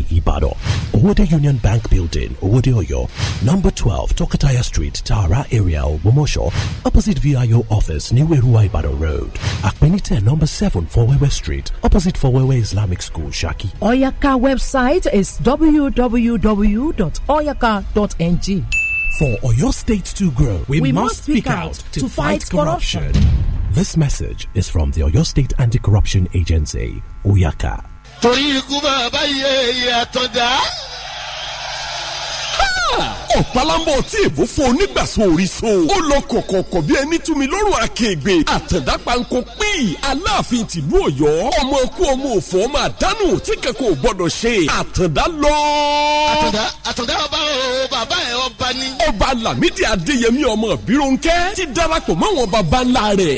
Ibadan. Owode Union Bank Building, Owode Oyo. Number 12, Tokataya Street, Tara area, Ogumosho. Opposite VIO office, New Ibadan Road. Akpenite, number 7, Fowewe Street. Opposite Fowewe Islamic School, Shaki. Oyaka website is www.oyaka.ng. For Oyo State to grow, we, we must speak out to, to fight corruption. corruption. This message is from the Oyo State Anti Corruption Agency, Oyaka. torí ikú bàbá yẹ ìyàtọ̀ dá ọ̀pálámbọ̀ tí èbó fún onígbàsó orí so ó lọ kọ̀kọ̀kọ̀ bí ẹni túnmi lọ́rùn àkègbè àtẹ̀dá panko pín aláàfin tìlú ọ̀yọ́ ọmọ ọkú ọmọ òfò ọmọ àdánù tí kẹ́kọ̀ọ́ ò gbọ́dọ̀ ṣe àtẹ̀dá lọ. àtẹ̀dá àtẹ̀dá ọba o bàbá ẹ̀ ọba ni. ọba lamidi adéyẹmí ọmọ bírọ̀nkẹ́ ti darapọ̀ mọ́wọn baba ńlá rẹ̀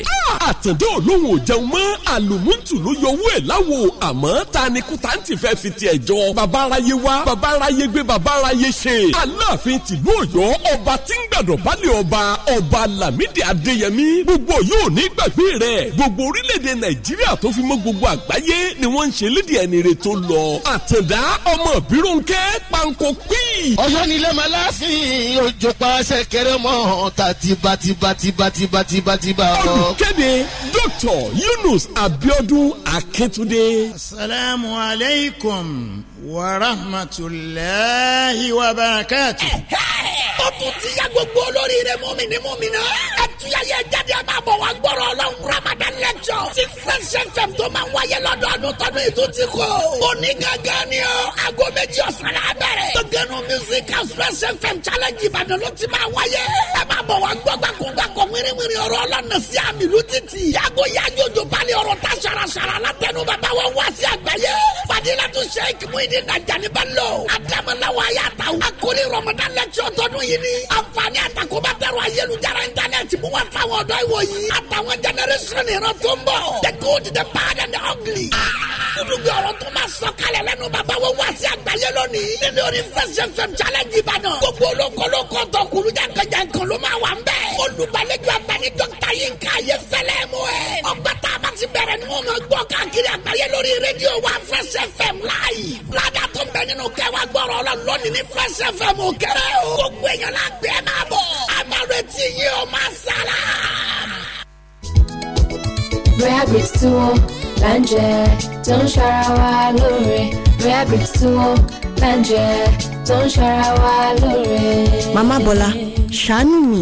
àtẹ̀dá olóhùn ò jẹun mọ́ àlùmúntù ló yọ owó ẹ̀ láwo àmọ́ ta ni kúta ń tì fẹ́ fi tiẹ̀ jọ bàbá aráyé wá bàbá aráyé gbé bàbá aráyé ṣe aláàfin tìlú Ọ̀yọ́ ọba tí ń gbàdọ̀ balẹ̀ ọba ọba Lámídì Adéyẹmí gbogbo yóò ní gbàgbé rẹ̀ gbogbo orílẹ̀-èdè Nàìjíríà tó fi mọ́ gbogbo àgbáyé ni wọ́n ń ṣe lédi ẹni tó lọ àtẹ̀dá ọmọ bírúnkẹ́ panko pí. Ọ̀yọ́ ni lẹ́mọ̀lá sí ojú paṣẹ kẹrẹmọ tàtibátibátibátibátibá. olùkéde Dr. Yunus Abiodun Akíntúndé. asalaamualeykum warahmatulahi wabarakatu. Eh, ó tún ti ya gbogbo olórí rẹ mọ́mìnì mọ́mìnà. ẹ tuyayẹ jáde a máa bọ̀ wá gbọ́rọ̀ ọlọ́run ramadan lecture ti fresh fm tó máa ń wáyé lọ́dọọdún tọdún ètò ti kọ. ó ni ọ aago méjì ọ̀sán la bẹ̀rẹ̀. tó gẹnu music house challenge ìbàdàn ló ti máa wáyé. ẹ máa bọ̀ wá gbọ́ gbàkúngbàkọ̀ wíríwíri ọ̀rọ̀ ọlọ́nà sí àmì lù fadila tún sheik muhyiddin ajani balo adamalawo ayatawo akoli ramadan lẹ́kṣọ̀ tọdún yìí ni àǹfààní àtàkùnbá ayélujára íńtánẹ́ẹ̀tì mú wá fáwọn ọ̀dọ́ ìwò yìí àtàwọn jẹnẹrẹsọ̀nì ìran tó ń bọ̀ the good the bad and the ugly. Ah! Olùgbé ọ̀rọ̀ tó máa sọ kalẹ̀ lẹ́nu bàbá wo wá sí àgbáyé lónìí. Nínú orí Fresh FM challenge Ìbàdàn. Gbogbo olókolókó tó kuru jankan ló máa wà ń bẹ̀. Olùgbàlejò fm láàyè ládà tó nínú kẹwàá gbọ́rọ̀ la lónìí ní fresh fm ò o gbogbo èèyàn la gbé e máa bọ̀ a yìí o máa sàlá. bóyá tí wọ́n là ń jẹ tó ń ṣara wa lóore bóyá tí wọ́n là ń jẹ tó ń ṣara wa lóore. màmá bọ́lá ṣàánú mi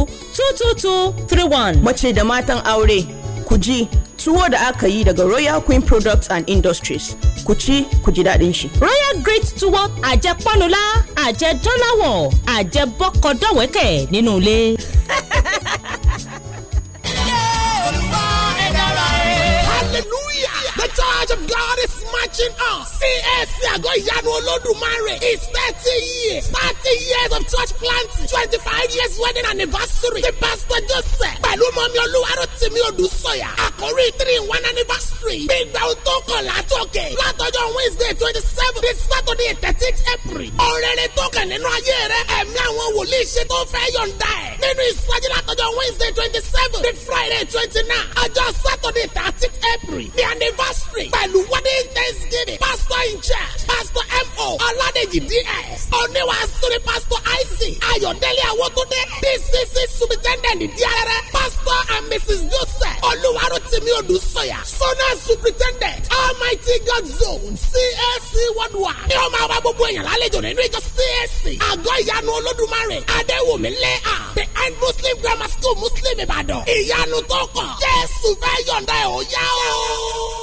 222 Mace da matan aure, ku ji tuwo da aka yi daga Royal Queen Products and Industries. Ku ci, ku ji daɗin shi. Royal Great Tuwo àjẹ pọ́nulá, àjẹ dọ́làwọ̀, àjẹ bọ́kọ dọ̀wẹ́kẹ̀ nínú ilé. Hallelujah! The charge of God! teaching us. CAC Àgọ́ Ìyanu Olódùmarè is thirty years thirty years of church planting twenty five years wedding anniversary. The pastor Joseph pẹ̀lú mọ́mí Olúwarótìmí Odùsọ̀yà àkórí three in one anniversary. Gbígbà ohun tó kàn látòkè látọjọ́ Wednesday twenty seven this Saturday thirteen April. Ọ̀rẹ́rẹ́ tó kàn nínú ayé rẹ̀ ẹ̀mí àwọn wòlíì ṣe tó fẹ́ yọ̀ǹda ẹ̀. Nínú ìsọjí látọjọ́ Wednesday twenty seven the Friday twenty nine ọjọ́ Saturday thirteen April the anniversary pẹ̀lú wedding intense thanksgiving pastor in church, pastor mo ọládèjì ds oníwàásù ni pastor isaac ayọ̀délé awótúndé dcc superintendent diarere pastor and mrs joseph olúwarótìmí odùsọ̀yà sona superintendent almighty god zone csc worldwide ni ó máa wá gbogbo èèyàn lálejò nínú ìjọ csc àgọ́ ìyanu olódùmarè adéwòmí lẹ́à the end muslim grammar school muslim ìbàdàn ìyanu tó kàn jésù fẹ́ yọ̀ǹda ẹ̀ ó yá o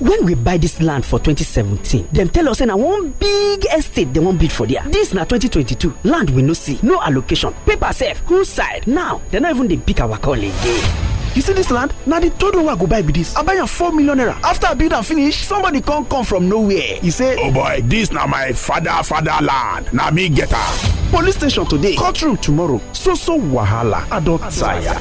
when we buy this land for 2017 them tell us say na one big estate they want build for there This na 2022 land we no see no allocation paper safe, who side now dem not even dey pick our call again you see this land Now di third one wey i go buy be dis i buy am four million naira after i build and finish somebody come come from nowhere He say oh boy this na my father father land Now me get am police station today courtroom tomorrow so so wahala i don tire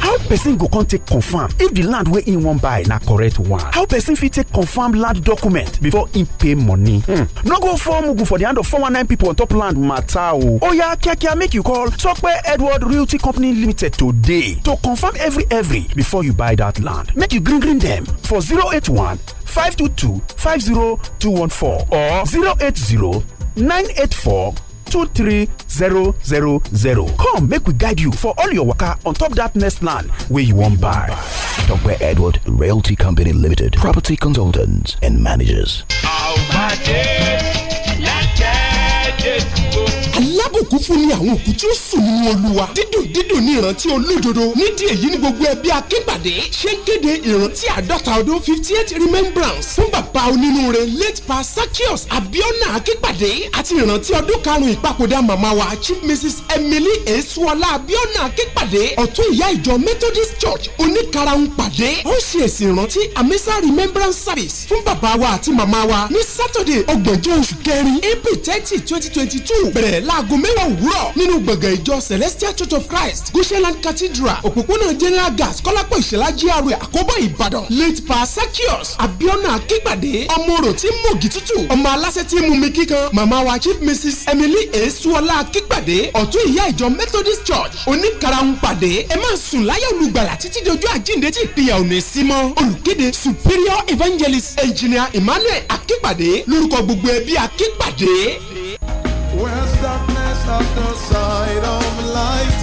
how person go come take confirm if the land wey im wan buy na correct one how person fit take confirm land document before he pay money hmm. no go fall mugu for the hand of 419 people on top land matter Oh yeah, oya kíákíá make you call sọpẹ́ edward realty company limited today to confirm every every before you buy that land make you green green them for 081 522 50214 or 080 984 23000. Come make we guide you for all your work on top that nest land where you won't buy. Dr. Edward Realty Company Limited, Property Consultants and Managers. ìbùkún fún ni àwọn òkú tí ó sùn nínú olúwa dídùn dídùn ní ìrántí olódodo nídìí èyí ni gbogbo ẹbí akínpàdé ṣe ń kéde ìrántí àádọ́ta ọdún fifty eight remembrance fún bàbá onínúure late pa sakios abiona akínpàdé àti ìrántí ọdún karùn-ún ìpapòdà màmá wa chief mrs emily esuola abiona akínpàdé ọ̀tún ìyá ìjọ methodist church oníkarahun pàdé ó ṣe èsì ìrántí amisa remembrance service fún bàbá wa àti màmá wa ní saturday ọgbọ̀njọ́ oṣù kẹrin april thirty twenty twenty two bẹ̀rẹ̀ láago mẹ́ níwọ̀n òwúrọ̀ nínú gbọ̀ngàn ìjọ celestial church of christ goshenland cathedral òpópónà general gas kọ́lápọ̀ ìṣẹ̀lá GRA àkóbọ̀ ìbàdàn late pa sakios abiona akíngbàdé ọmọ orò tí ń mògì tútù ọmọ aláṣẹ tí ń mumi kíkan màmá wa chief mrs emily esuola akíngbàdé ọ̀tún ìyá ìjọ methodist church oníkarahun pàdé ẹ máa sùn láyọ̀ olùgbàlà títí dojú àjíǹde tí ìpìyà ò ní sí mọ́ olùkéde superior evangelist engineer emmanuel akíngbàdé lórúkọ gbogbo ẹbí akíngbàdé. west africa. life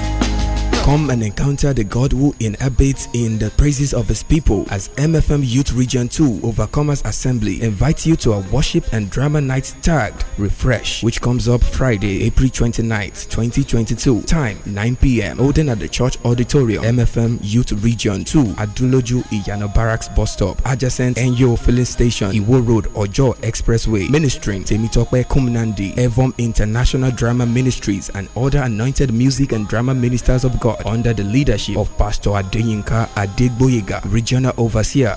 Come and encounter the God who inhabits in the praises of his people as MFM Youth Region 2 Overcomers Assembly invites you to a worship and drama night tagged Refresh, which comes up Friday, April 29th, 2022. Time 9 p.m. Holding at the Church Auditorium, MFM Youth Region 2, Aduloju Iyano Barracks Bus Stop, adjacent Enyo Filling Station, Iwo Road, Ojo Expressway. Ministering Temitope Kumnandi, Evom International Drama Ministries, and other anointed music and drama ministers of God under the leadership of Pastor Adeyinka Adegboyega, Regional Overseer